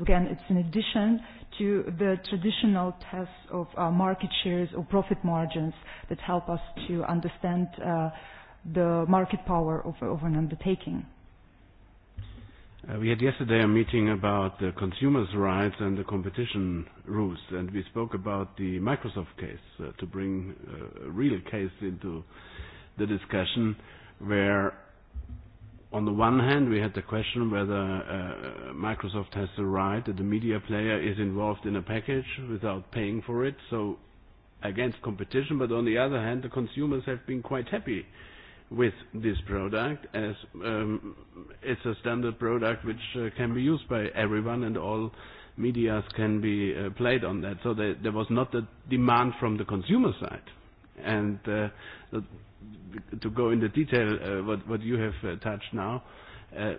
again, it's in addition to the traditional tests of uh, market shares or profit margins that help us to understand uh, the market power of, of an undertaking. Uh, we had yesterday a meeting about the consumers' rights and the competition rules, and we spoke about the Microsoft case uh, to bring uh, a real case into the discussion where on the one hand, we had the question whether uh, Microsoft has the right that the media player is involved in a package without paying for it, so against competition, but on the other hand, the consumers have been quite happy with this product as um, it's a standard product which uh, can be used by everyone and all medias can be uh, played on that. So there, there was not a demand from the consumer side. And uh, the to go into detail uh, what, what you have uh, touched now. Uh,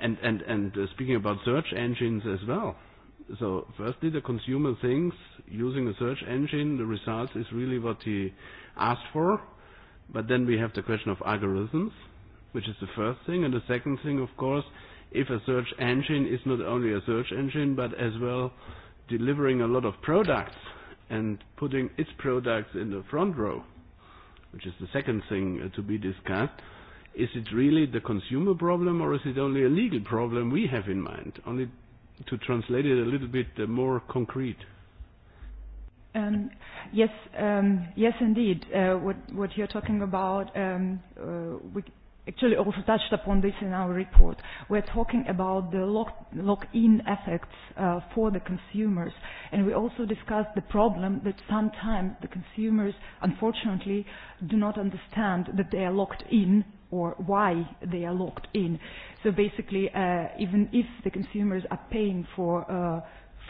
and and, and uh, speaking about search engines as well. So firstly, the consumer thinks using a search engine, the result is really what he asked for. But then we have the question of algorithms, which is the first thing. And the second thing, of course, if a search engine is not only a search engine, but as well delivering a lot of products and putting its products in the front row, which is the second thing uh, to be discussed, is it really the consumer problem or is it only a legal problem we have in mind? Only to translate it a little bit uh, more concrete. Um, yes, um, yes, indeed. Uh, what, what you're talking about, um, uh, we actually also touched upon this in our report. We're talking about the lock-in lock effects uh, for the consumers. And we also discussed the problem that sometimes the consumers, unfortunately, do not understand that they are locked in or why they are locked in. So basically, uh, even if the consumers are paying for uh,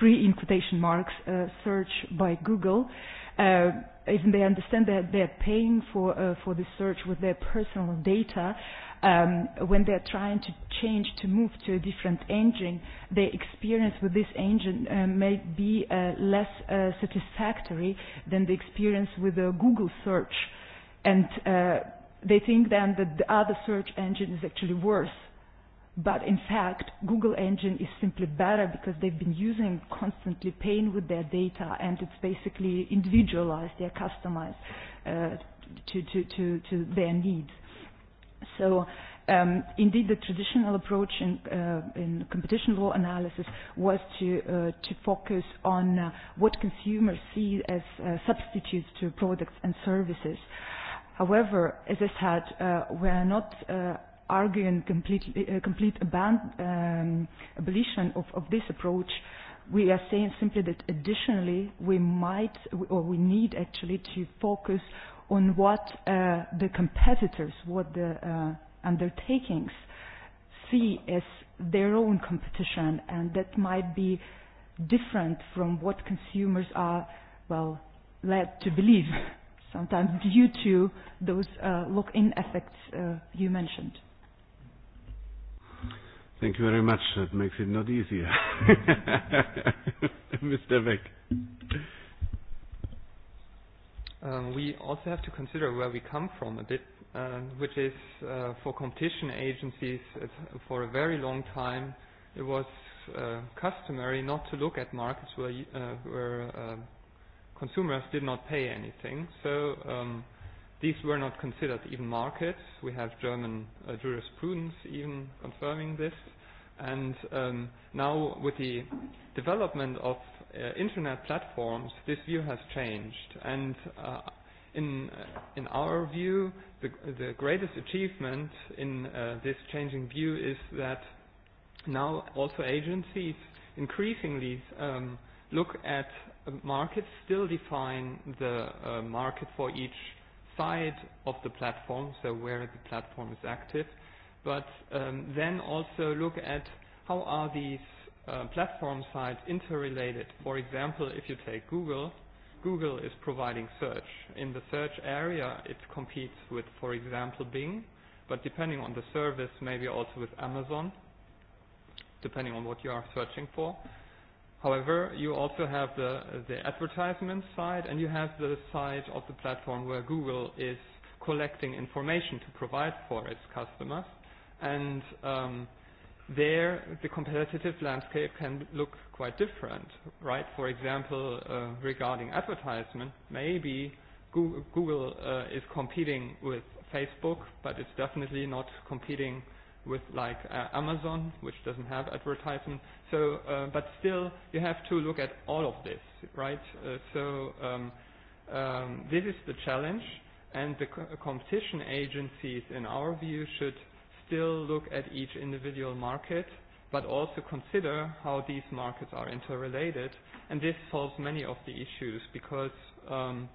free, in quotation marks, uh, search by Google, uh, even they understand that they're paying for uh, for the search with their personal data, um, when they're trying to change to move to a different engine, their experience with this engine uh, may be uh, less uh, satisfactory than the experience with a Google search, and uh, they think then that the other search engine is actually worse But in fact, Google Engine is simply better because they've been using constantly paying with their data and it's basically individualized, they're customized uh, to, to, to, to their needs. So um, indeed the traditional approach in, uh, in competition law analysis was to, uh, to focus on uh, what consumers see as uh, substitutes to products and services. However, as I said, uh, we're not uh, arguing completely, uh, complete aban um, abolition of, of this approach, we are saying simply that additionally we might or we need actually to focus on what uh, the competitors, what the uh, undertakings see as their own competition, and that might be different from what consumers are, well, led to believe, sometimes due to those uh, lock-in effects uh, you mentioned. Thank you very much. That makes it not easier. Mr. Beck. Um, we also have to consider where we come from a bit, uh, which is uh, for competition agencies it's, for a very long time it was uh, customary not to look at markets where, uh, where uh, consumers did not pay anything. So um, These were not considered even markets. We have German uh, jurisprudence even confirming this. And um, now with the development of uh, internet platforms, this view has changed. And uh, in, uh, in our view, the, the greatest achievement in uh, this changing view is that now also agencies increasingly um, look at uh, markets, still define the uh, market for each side of the platform, so where the platform is active, but um, then also look at how are these uh, platform sites interrelated. For example, if you take Google, Google is providing search. In the search area, it competes with, for example, Bing, but depending on the service, maybe also with Amazon, depending on what you are searching for. However, you also have the, the advertisement side and you have the side of the platform where Google is collecting information to provide for its customers. And um, there, the competitive landscape can look quite different, right? For example, uh, regarding advertisement, maybe Google, Google uh, is competing with Facebook, but it's definitely not competing with like uh, Amazon, which doesn't have advertisement. So, uh, but still, you have to look at all of this, right? Uh, so um, um, this is the challenge, and the co competition agencies, in our view, should still look at each individual market, but also consider how these markets are interrelated. And this solves many of the issues because um,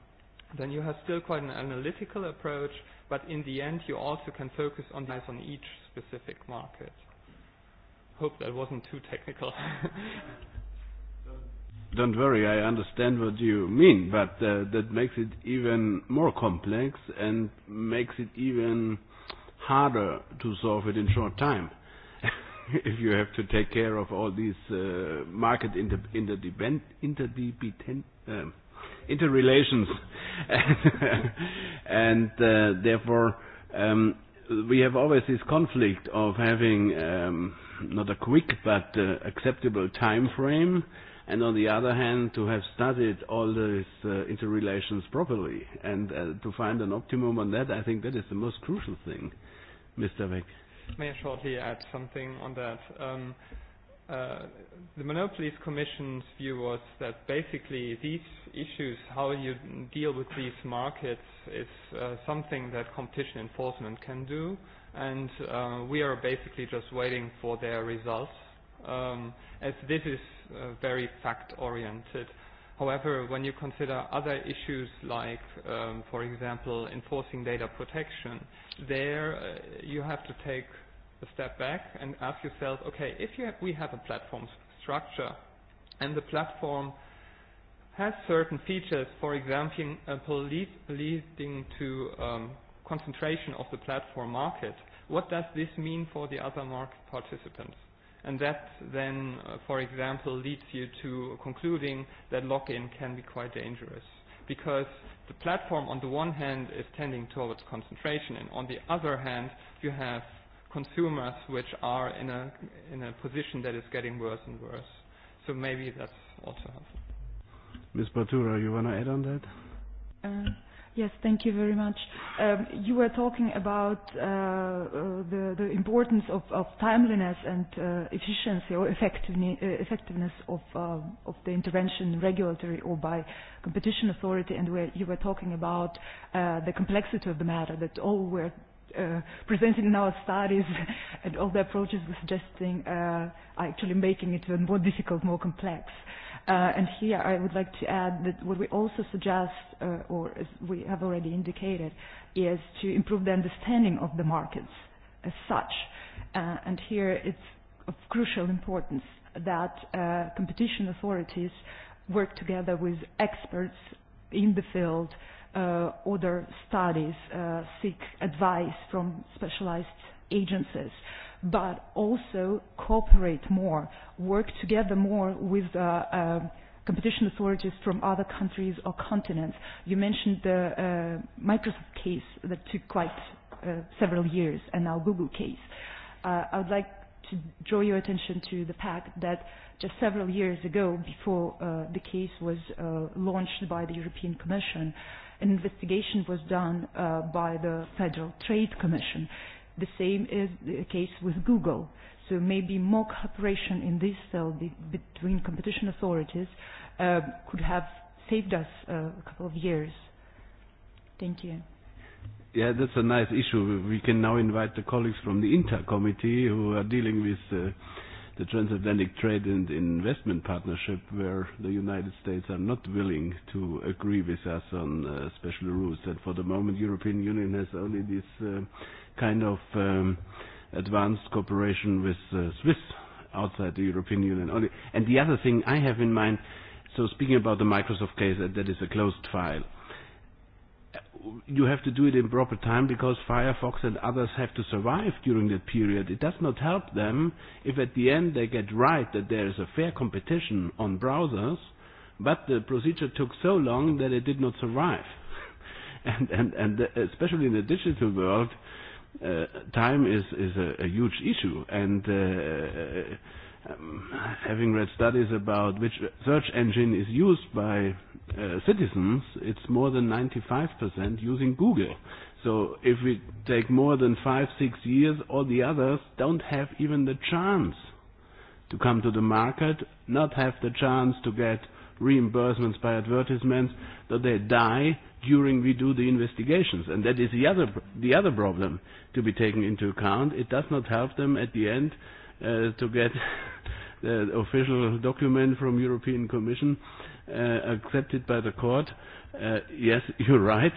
then you have still quite an analytical approach but in the end you also can focus on the on each specific market. Hope that wasn't too technical. Don't worry, I understand what you mean, but uh, that makes it even more complex and makes it even harder to solve it in short time. if you have to take care of all these uh, market inter interdependent interdependent um, uh, interrelations. and uh, therefore, um, we have always this conflict of having um, not a quick but uh, acceptable time frame, and on the other hand, to have studied all these uh, interrelations properly and uh, to find an optimum on that, I think that is the most crucial thing. Mr. Beck. May I shortly add something on that? Um, Uh, the Monopolies Commission's view was that basically these issues, how you deal with these markets, is uh, something that competition enforcement can do, and uh, we are basically just waiting for their results, um, as this is uh, very fact-oriented. However, when you consider other issues like, um, for example, enforcing data protection, there uh, you have to take a step back and ask yourself, okay, if you have, we have a platform structure and the platform has certain features, for example, lead, leading to um, concentration of the platform market, what does this mean for the other market participants? And that then, uh, for example, leads you to concluding that lock-in can be quite dangerous because the platform on the one hand is tending towards concentration and on the other hand you have consumers which are in a in a position that is getting worse and worse. So maybe that's also helpful. Ms. Batura, you want to add on that? Uh, yes, thank you very much. Um, you were talking about uh, uh, the, the importance of, of timeliness and uh, efficiency or effectiveness, uh, effectiveness of, uh, of the intervention regulatory or by competition authority and where you were talking about uh, the complexity of the matter, that all were uh, presented in our studies and all the approaches we're suggesting uh, are actually making it even more difficult, more complex. Uh, and here I would like to add that what we also suggest, uh, or as we have already indicated, is to improve the understanding of the markets as such. Uh, and here it's of crucial importance that uh, competition authorities work together with experts in the field uh, uh, other studies, uh, seek advice from specialized agencies, but also cooperate more, work together more with uh, uh, competition authorities from other countries or continents. You mentioned the uh, Microsoft case that took quite uh, several years, and now Google case. Uh, I would like to draw your attention to the fact that just several years ago, before uh, the case was uh, launched by the European Commission, uh, An investigation was done uh, by the Federal Trade Commission. The same is the case with Google. So maybe more cooperation in this field be, between competition authorities uh, could have saved us uh, a couple of years. Thank you. Yeah, that's a nice issue. We can now invite the colleagues from the Inter Committee who are dealing with uh, the transatlantic trade and investment partnership where the United States are not willing to agree with us on uh, special rules. And for the moment, European Union has only this uh, kind of um, advanced cooperation with uh, Swiss outside the European Union. Only. And the other thing I have in mind, so speaking about the Microsoft case, that, that is a closed file. Uh, you have to do it in proper time because Firefox and others have to survive during that period. It does not help them if at the end they get right that there is a fair competition on browsers, but the procedure took so long that it did not survive. and, and, and especially in the digital world, uh, time is, is a, a huge issue. And uh, um, having read studies about which search engine is used by uh, citizens, it's more than 95% using Google. So if we take more than five, six years, all the others don't have even the chance to come to the market, not have the chance to get reimbursements by advertisements, that they die during we do the investigations. And that is the other, the other problem to be taken into account. It does not help them at the end uh, uh, to get the official document from European Commission uh, accepted by the court. Uh, yes, you're right,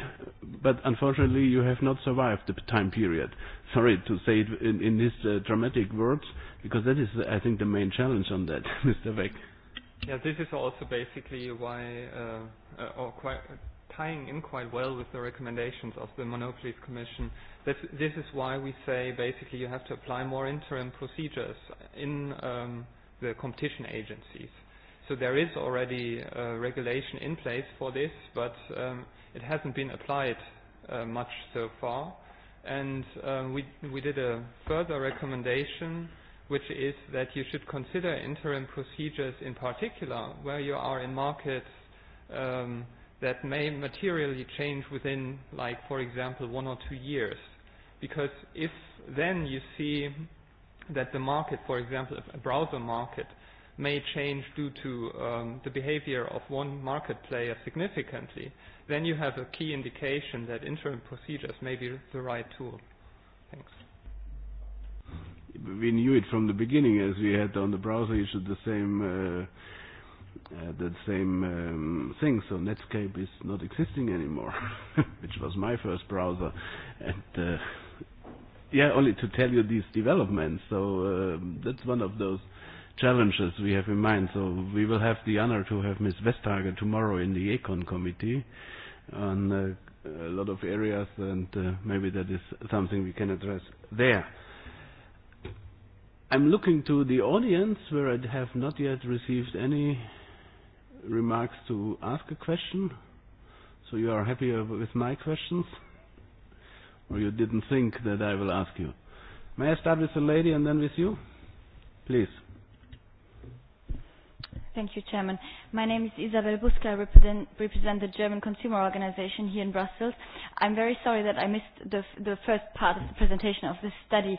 but unfortunately you have not survived the time period. Sorry to say it in, in these uh, dramatic words, because that is, I think, the main challenge on that, Mr. Beck. Yeah, this is also basically why, uh, uh, or quite tying in quite well with the recommendations of the Monopolies Commission. This, this is why we say basically you have to apply more interim procedures in um, the competition agencies. So there is already uh, regulation in place for this, but um, it hasn't been applied uh, much so far. And um, we, we did a further recommendation which is that you should consider interim procedures in particular where you are in markets um, that may materially change within, like, for example, one or two years. Because if then you see that the market, for example, a browser market, may change due to um, the behavior of one market player significantly, then you have a key indication that interim procedures may be the right tool. Thanks. We knew it from the beginning, as we had on the browser issue the same uh, uh, the same um, thing. So Netscape is not existing anymore, which was my first browser. And uh, yeah, only to tell you these developments. So uh, that's one of those challenges we have in mind. So we will have the honor to have Ms. Vestager tomorrow in the Econ committee on uh, a lot of areas, and uh, maybe that is something we can address there. I'm looking to the audience where I have not yet received any remarks to ask a question? So you are happy with my questions? Or you didn't think that I will ask you? May I start with the lady and then with you? Please. Thank you, Chairman. My name is Isabel Buska. I represent, represent the German consumer organization here in Brussels. I'm very sorry that I missed the, the first part of the presentation of this study,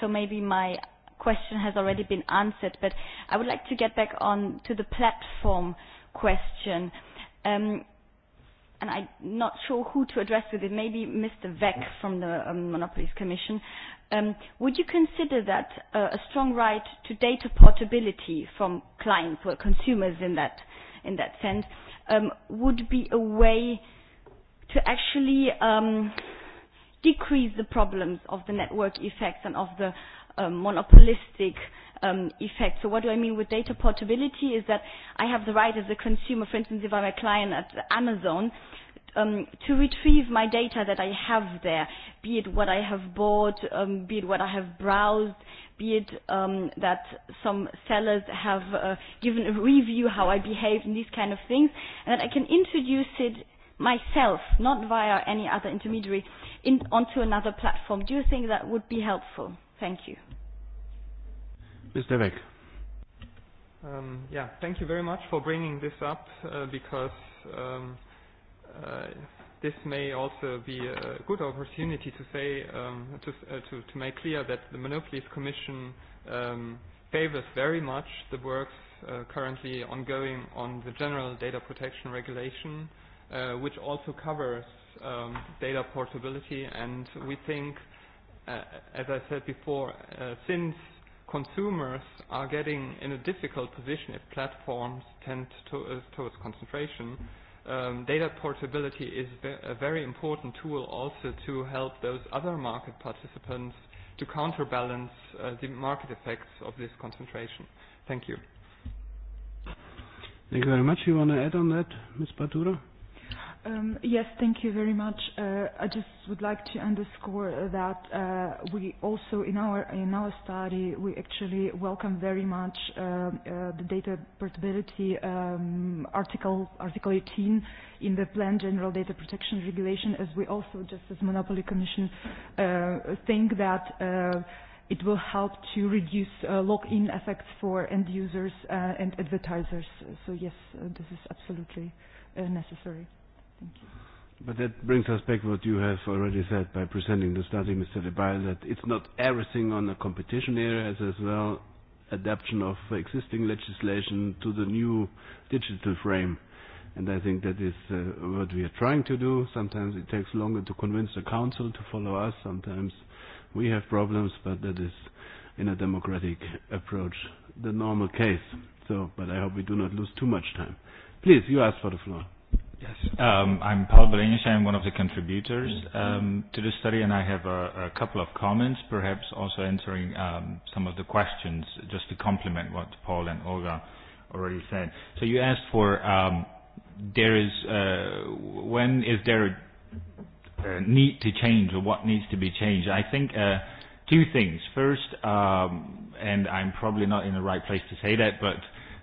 so maybe my question has already been answered, but I would like to get back on to the platform uh, question. Um, and I'm not sure who to address with it, maybe Mr. Beck from the um, Monopolies Commission. Um, would you consider that uh, a strong right to data portability from clients or consumers in that, in that sense um, would be a way to actually um, decrease the problems of the network effects and of the um, monopolistic um, effect. So what do I mean with data portability is that I have the right as a consumer, for instance, if I'm a client at Amazon, um, to retrieve my data that I have there, be it what I have bought, um, be it what I have browsed, be it um, that some sellers have uh, given a review how I behaved and these kind of things, and that I can introduce it myself, not via any other intermediary, in, onto another platform. Do you think that would be helpful? Thank you. Mr. Beck. Um, yeah, thank you very much for bringing this up uh, because um, uh, this may also be a good opportunity to say um, to, uh, to, to make clear that the Monopolies Commission um, favors very much the works uh, currently ongoing on the General Data Protection Regulation, uh, which also covers um, data portability, and we think, uh, as I said before, uh, since consumers are getting in a difficult position if platforms tend to, uh, towards concentration. Um, data portability is a very important tool also to help those other market participants to counterbalance uh, the market effects of this concentration. Thank you. Thank you very much. You want to add on that, Ms. Batura? Um, yes, thank you very much. Uh, I just would like to underscore that uh, we also in our in our study we actually welcome very much uh, uh, the data portability um, article article 18 in the Plan General Data Protection Regulation, as we also just as Monopoly Commission uh, think that. Uh, it will help to reduce uh, lock-in effects for end users uh, and advertisers. So yes, uh, this is absolutely uh, necessary. Uh, Thank you. But that brings us back what you have already said by presenting the study, Mr. De Bail, that it's not everything on the competition area, as as well adaptation of existing legislation to the new digital frame. And I think that is uh, what we are trying to do. Sometimes it takes longer to convince the council to follow us. Sometimes we have problems, but that is in a democratic approach the normal case. So, but I hope we do not lose too much time. Please, you ask for the floor. Yes. Um, I'm Paul Belenis. I'm one of the contributors mm-hmm. um, to the study, and I have a, a couple of comments, perhaps also answering um, some of the questions, just to complement what Paul and Olga already said. So you asked for um, there is uh, when is there a need to change or what needs to be changed? I think. Uh, Two things. First, um, and I'm probably not in the right place to say that, but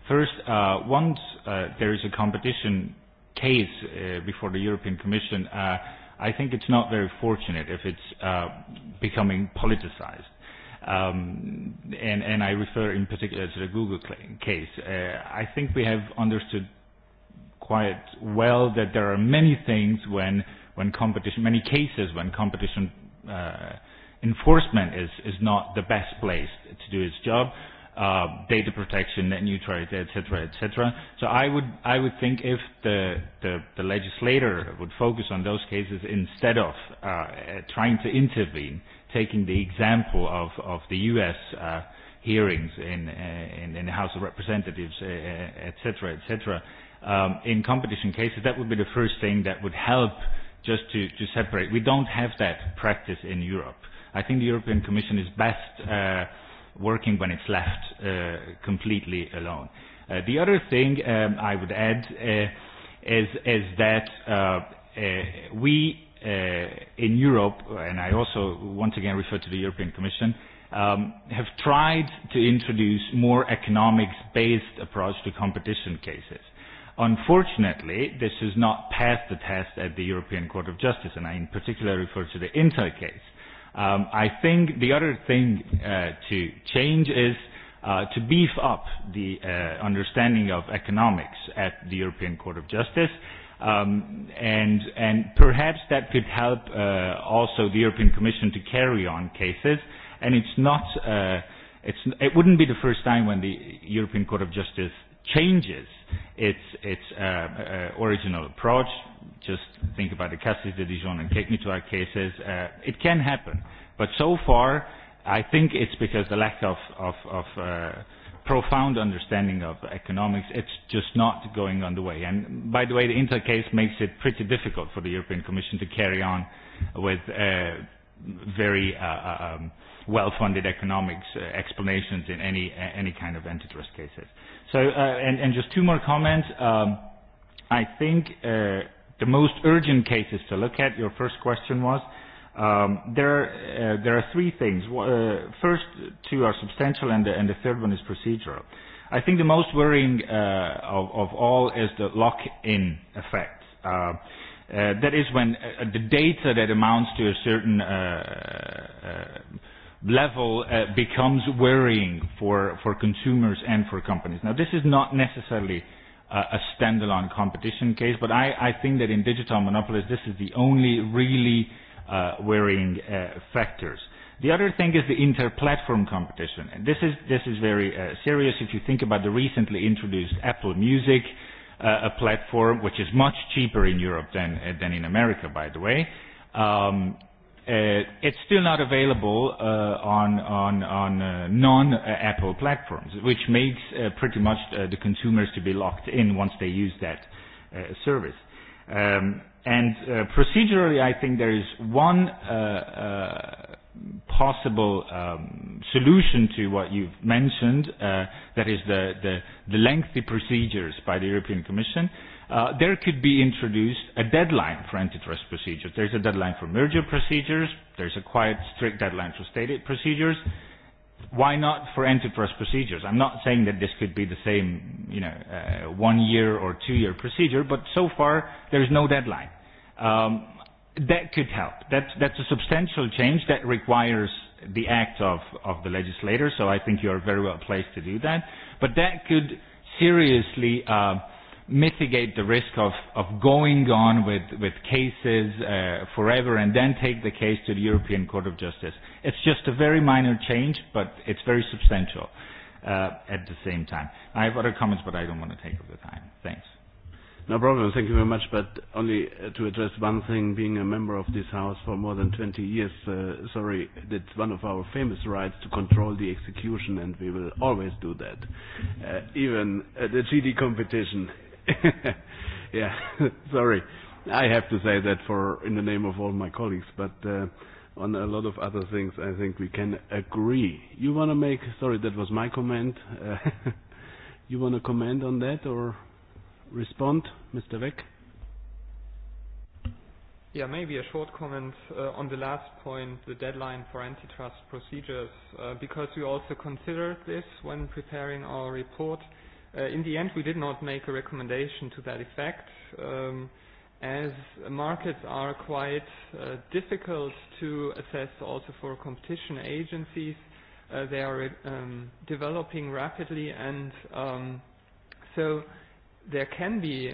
first, uh, once uh, there is a competition case uh, before the European Commission, uh, I think it's not very fortunate if it's uh, becoming politicized. Um, and, and I refer in particular to the Google case. Uh, I think we have understood quite well that there are many things when, when competition, many cases when competition uh, enforcement is, is not the best place to do its job uh, data protection, net neutrality, etc., etc. So I would I would think if the, the the legislator would focus on those cases instead of uh, trying to intervene, taking the example of of the U.S. Uh, hearings in, uh, in in the House of Representatives, etc., uh, etc. Uh, et um, in competition cases, that would be the first thing that would help just to, to separate. We don't have that practice in Europe. I think the European Commission is best. Uh, working when it's left uh, completely alone. Uh, the other thing um, I would add uh, is, is that uh, uh, we uh, in Europe, and I also once again refer to the European Commission, um, have tried to introduce more economics-based approach to competition cases. Unfortunately, this has not passed the test at the European Court of Justice, and I in particular refer to the Inter case Um, I think the other thing uh, to change is uh, to beef up the uh, understanding of economics at the European Court of Justice. Um, and, and perhaps that could help uh, also the European Commission to carry on cases. And it's not, uh, it's, it wouldn't be the first time when the European Court of Justice changes its, its uh, uh, original approach. Just think about the Cassis de Dijon and Kegnitois cases. Uh, it can happen. But so far, I think it's because the lack of, of, of uh, profound understanding of economics, it's just not going on the way. And by the way, the Intel case makes it pretty difficult for the European Commission to carry on with uh, very uh, uh um, well-funded economics uh, explanations in any, uh, any kind of antitrust cases. Uh, So, uh, and, and just two more comments. Um, I think uh, the most urgent cases to look at, your first question was, um, there, are, uh, there are three things. Uh, first two are substantial and the, and the third one is procedural. I think the most worrying uh, of, of all is the lock-in effect. Uh, uh, that is when uh, the data that amounts to a certain uh, uh, level uh, becomes worrying for, for consumers and for companies. Now, this is not necessarily uh, a standalone competition case, but I, I think that in digital monopolies, this is the only really uh, worrying uh, factors. The other thing is the inter-platform competition. And this is, this is very uh, serious if you think about the recently introduced Apple Music, uh, a platform which is much cheaper in Europe than, uh, than in America, by the way. Um, Uh, it's still not available uh, on, on, on uh, non-Apple platforms, which makes uh, pretty much uh, the consumers to be locked in once they use that uh, service. Um, and uh, procedurally, I think there is one uh, uh, possible um, solution to what you've mentioned, uh, that is the, the, the lengthy procedures by the European Commission. Uh, uh, there could be introduced a deadline for antitrust procedures. There's a deadline for merger procedures. There's a quite strict deadline for state aid procedures. Why not for antitrust procedures? I'm not saying that this could be the same, you know, uh, one-year or two-year procedure, but so far there's no deadline. Um, that could help. That, that's a substantial change that requires the act of, of the legislator, so I think you are very well placed to do that. But that could seriously uh, mitigate the risk of, of going on with, with cases uh, forever and then take the case to the European Court of Justice. It's just a very minor change, but it's very substantial uh, at the same time. I have other comments, but I don't want to take up the time. Thanks. No problem. Thank you very much. But only uh, to address one thing, being a member of this House for more than 20 years, uh, sorry, that's one of our famous rights to control the execution, and we will always do that, uh, even uh, the GD competition. yeah, sorry. I have to say that for in the name of all my colleagues, but uh, on a lot of other things, I think we can agree. You want to make? Sorry, that was my comment. Uh, you want to comment on that or respond, Mr. Weck? Yeah, maybe a short comment uh, on the last point, the deadline for antitrust procedures, uh, because we also considered this when preparing our report. Uh, Uh, in the end, we did not make a recommendation to that effect, um, as markets are quite uh, difficult to assess also for competition agencies. Uh, they are um, developing rapidly, and um, so there can be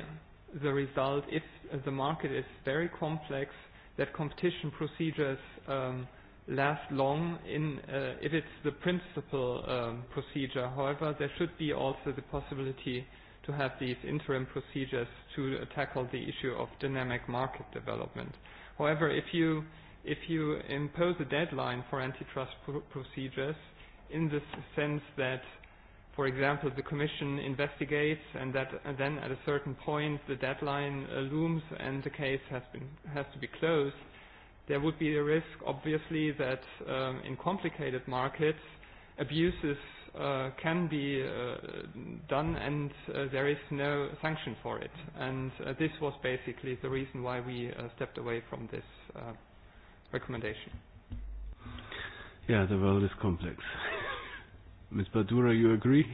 the result, if the market is very complex, that competition procedures um, last long in uh, if it's the principal um, procedure. However, there should be also the possibility to have these interim procedures to uh, tackle the issue of dynamic market development. However, if you if you impose a deadline for antitrust pr procedures in the sense that for example, the Commission investigates, and that and uh, then at a certain point the deadline uh, looms, and the case has been has to be closed there would be a risk, obviously, that um, in complicated markets, abuses uh, can be uh, done and uh, there is no sanction for it. And uh, this was basically the reason why we uh, stepped away from this uh, recommendation. Yeah, the world is complex. Ms. Badura, you agree?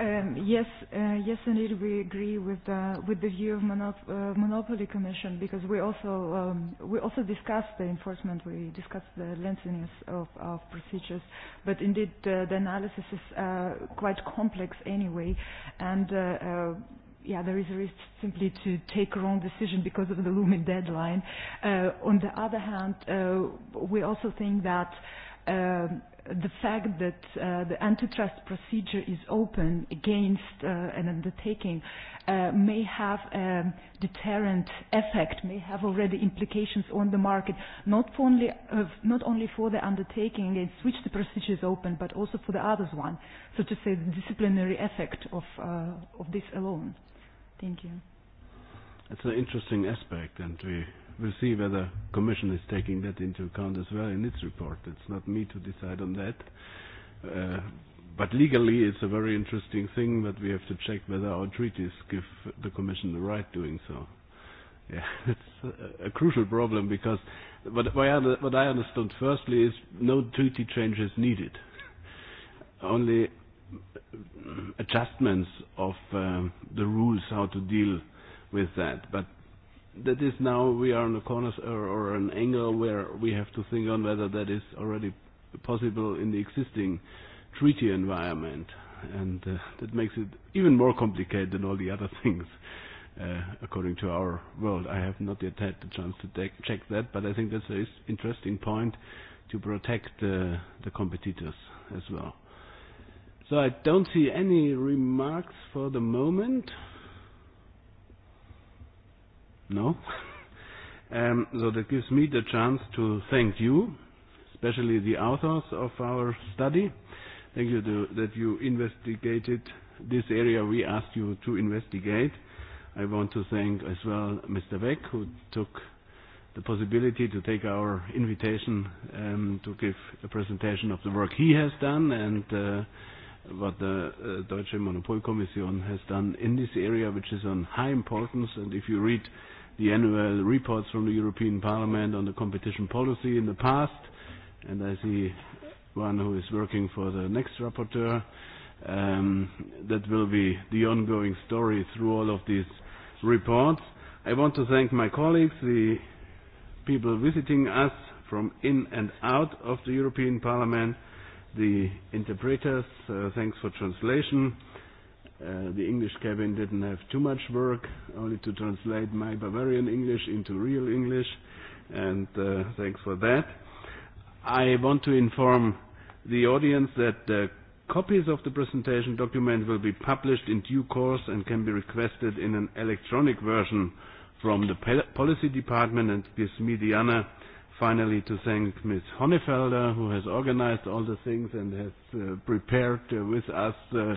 Um, yes, uh, yes, indeed, we agree with the uh, with the view of monop uh, monopoly commission because we also um, we also discussed the enforcement, we discussed the lengthiness of, of procedures, but indeed uh, the analysis is uh, quite complex anyway, and. Uh, uh, yeah, there is a risk simply to take wrong decision because of the looming deadline. Uh, on the other hand, uh, we also think that uh, the fact that uh, the antitrust procedure is open against uh, an undertaking uh, may have a deterrent effect, may have already implications on the market, not only, uh, not only for the undertaking against which the procedure is open, but also for the others one, so to say the disciplinary effect of, uh, of this alone. Thank you. That's an interesting aspect, and we see whether Commission is taking that into account as well in its report. It's not me to decide on that. Uh, but legally, it's a very interesting thing that we have to check whether our treaties give the Commission the right doing so. Yeah, it's a, a crucial problem because what, what I understood firstly is no treaty change is needed. Only adjustments of um, the rules how to deal with that. But that is now we are on a corner or, or an angle where we have to think on whether that is already possible in the existing treaty environment. And uh, that makes it even more complicated than all the other things, uh, according to our world. I have not yet had the chance to check that, but I think that's an interesting point to protect uh, the competitors as well. So I don't see any remarks for the moment. No? Um, so that gives me the chance to thank you, especially the authors of our study. Thank you to, that you investigated this area we asked you to investigate. I want to thank as well Mr. Beck, who took the possibility to take our invitation um, to give a presentation of the work he has done and uh, what the uh, Deutsche Monopolkommission has done in this area, which is on high importance. And if you read uh, the annual reports from the European Parliament on the competition policy in the past, and I see one who is working for the next rapporteur. Um, that will be the ongoing story through all of these reports. I want to thank my colleagues, the people visiting us from in and out of the European Parliament, the interpreters, uh, thanks for translation. Uh, Uh, the English cabin didn't have too much work, only to translate my Bavarian English into real English, and uh, thanks for that. I want to inform the audience that uh, copies of the presentation document will be published in due course and can be requested in an electronic version from the policy department, and gives me the honor finally to thank Ms. Honefelder, who has organized all the things and has uh, prepared uh, with us uh,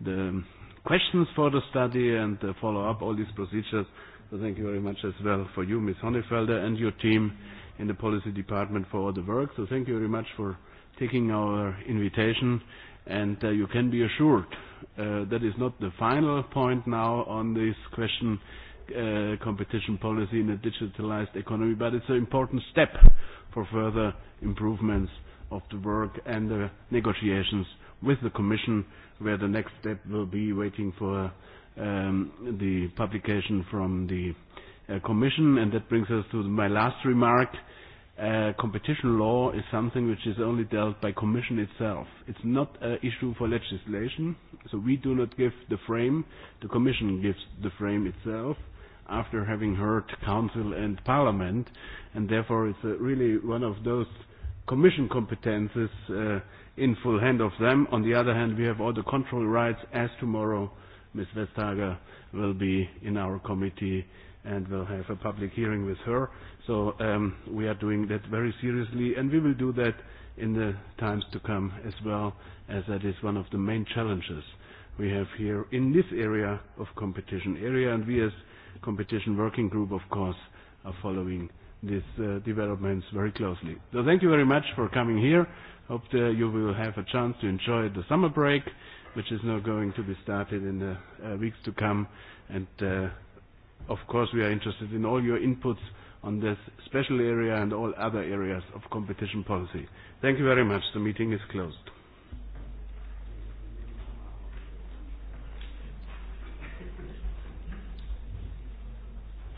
the questions for the study and uh, follow up all these procedures. So thank you very much as well for you, Ms. Honefelder, and your team in the policy department for all the work. So thank you very much for taking our invitation. And uh, you can be assured uh, that is not the final point now on this question, uh, competition policy in a digitalized economy, but it's an important step for further improvements of the work and the negotiations with the Commission, where the next step will be waiting for um, the publication from the uh, Commission. And that brings us to my last remark. Uh, competition law is something which is only dealt by Commission itself. It's not an issue for legislation, so we do not give the frame. The Commission gives the frame itself after having heard Council and Parliament, and therefore it's uh, really one of those Commission competences uh, in full hand of them. On the other hand, we have all the control rights as tomorrow Ms. Vestager will be in our committee and we'll have a public hearing with her. So um, we are doing that very seriously and we will do that in the times to come as well as that is one of the main challenges we have here in this area of competition area and we as competition working group of course are following these uh, developments very closely. So thank you very much for coming here Hope that you will have a chance to enjoy the summer break, which is now going to be started in the uh, uh, weeks to come. And uh, of course, we are interested in all your inputs on this special area and all other areas of competition policy. Thank you very much. The meeting is closed.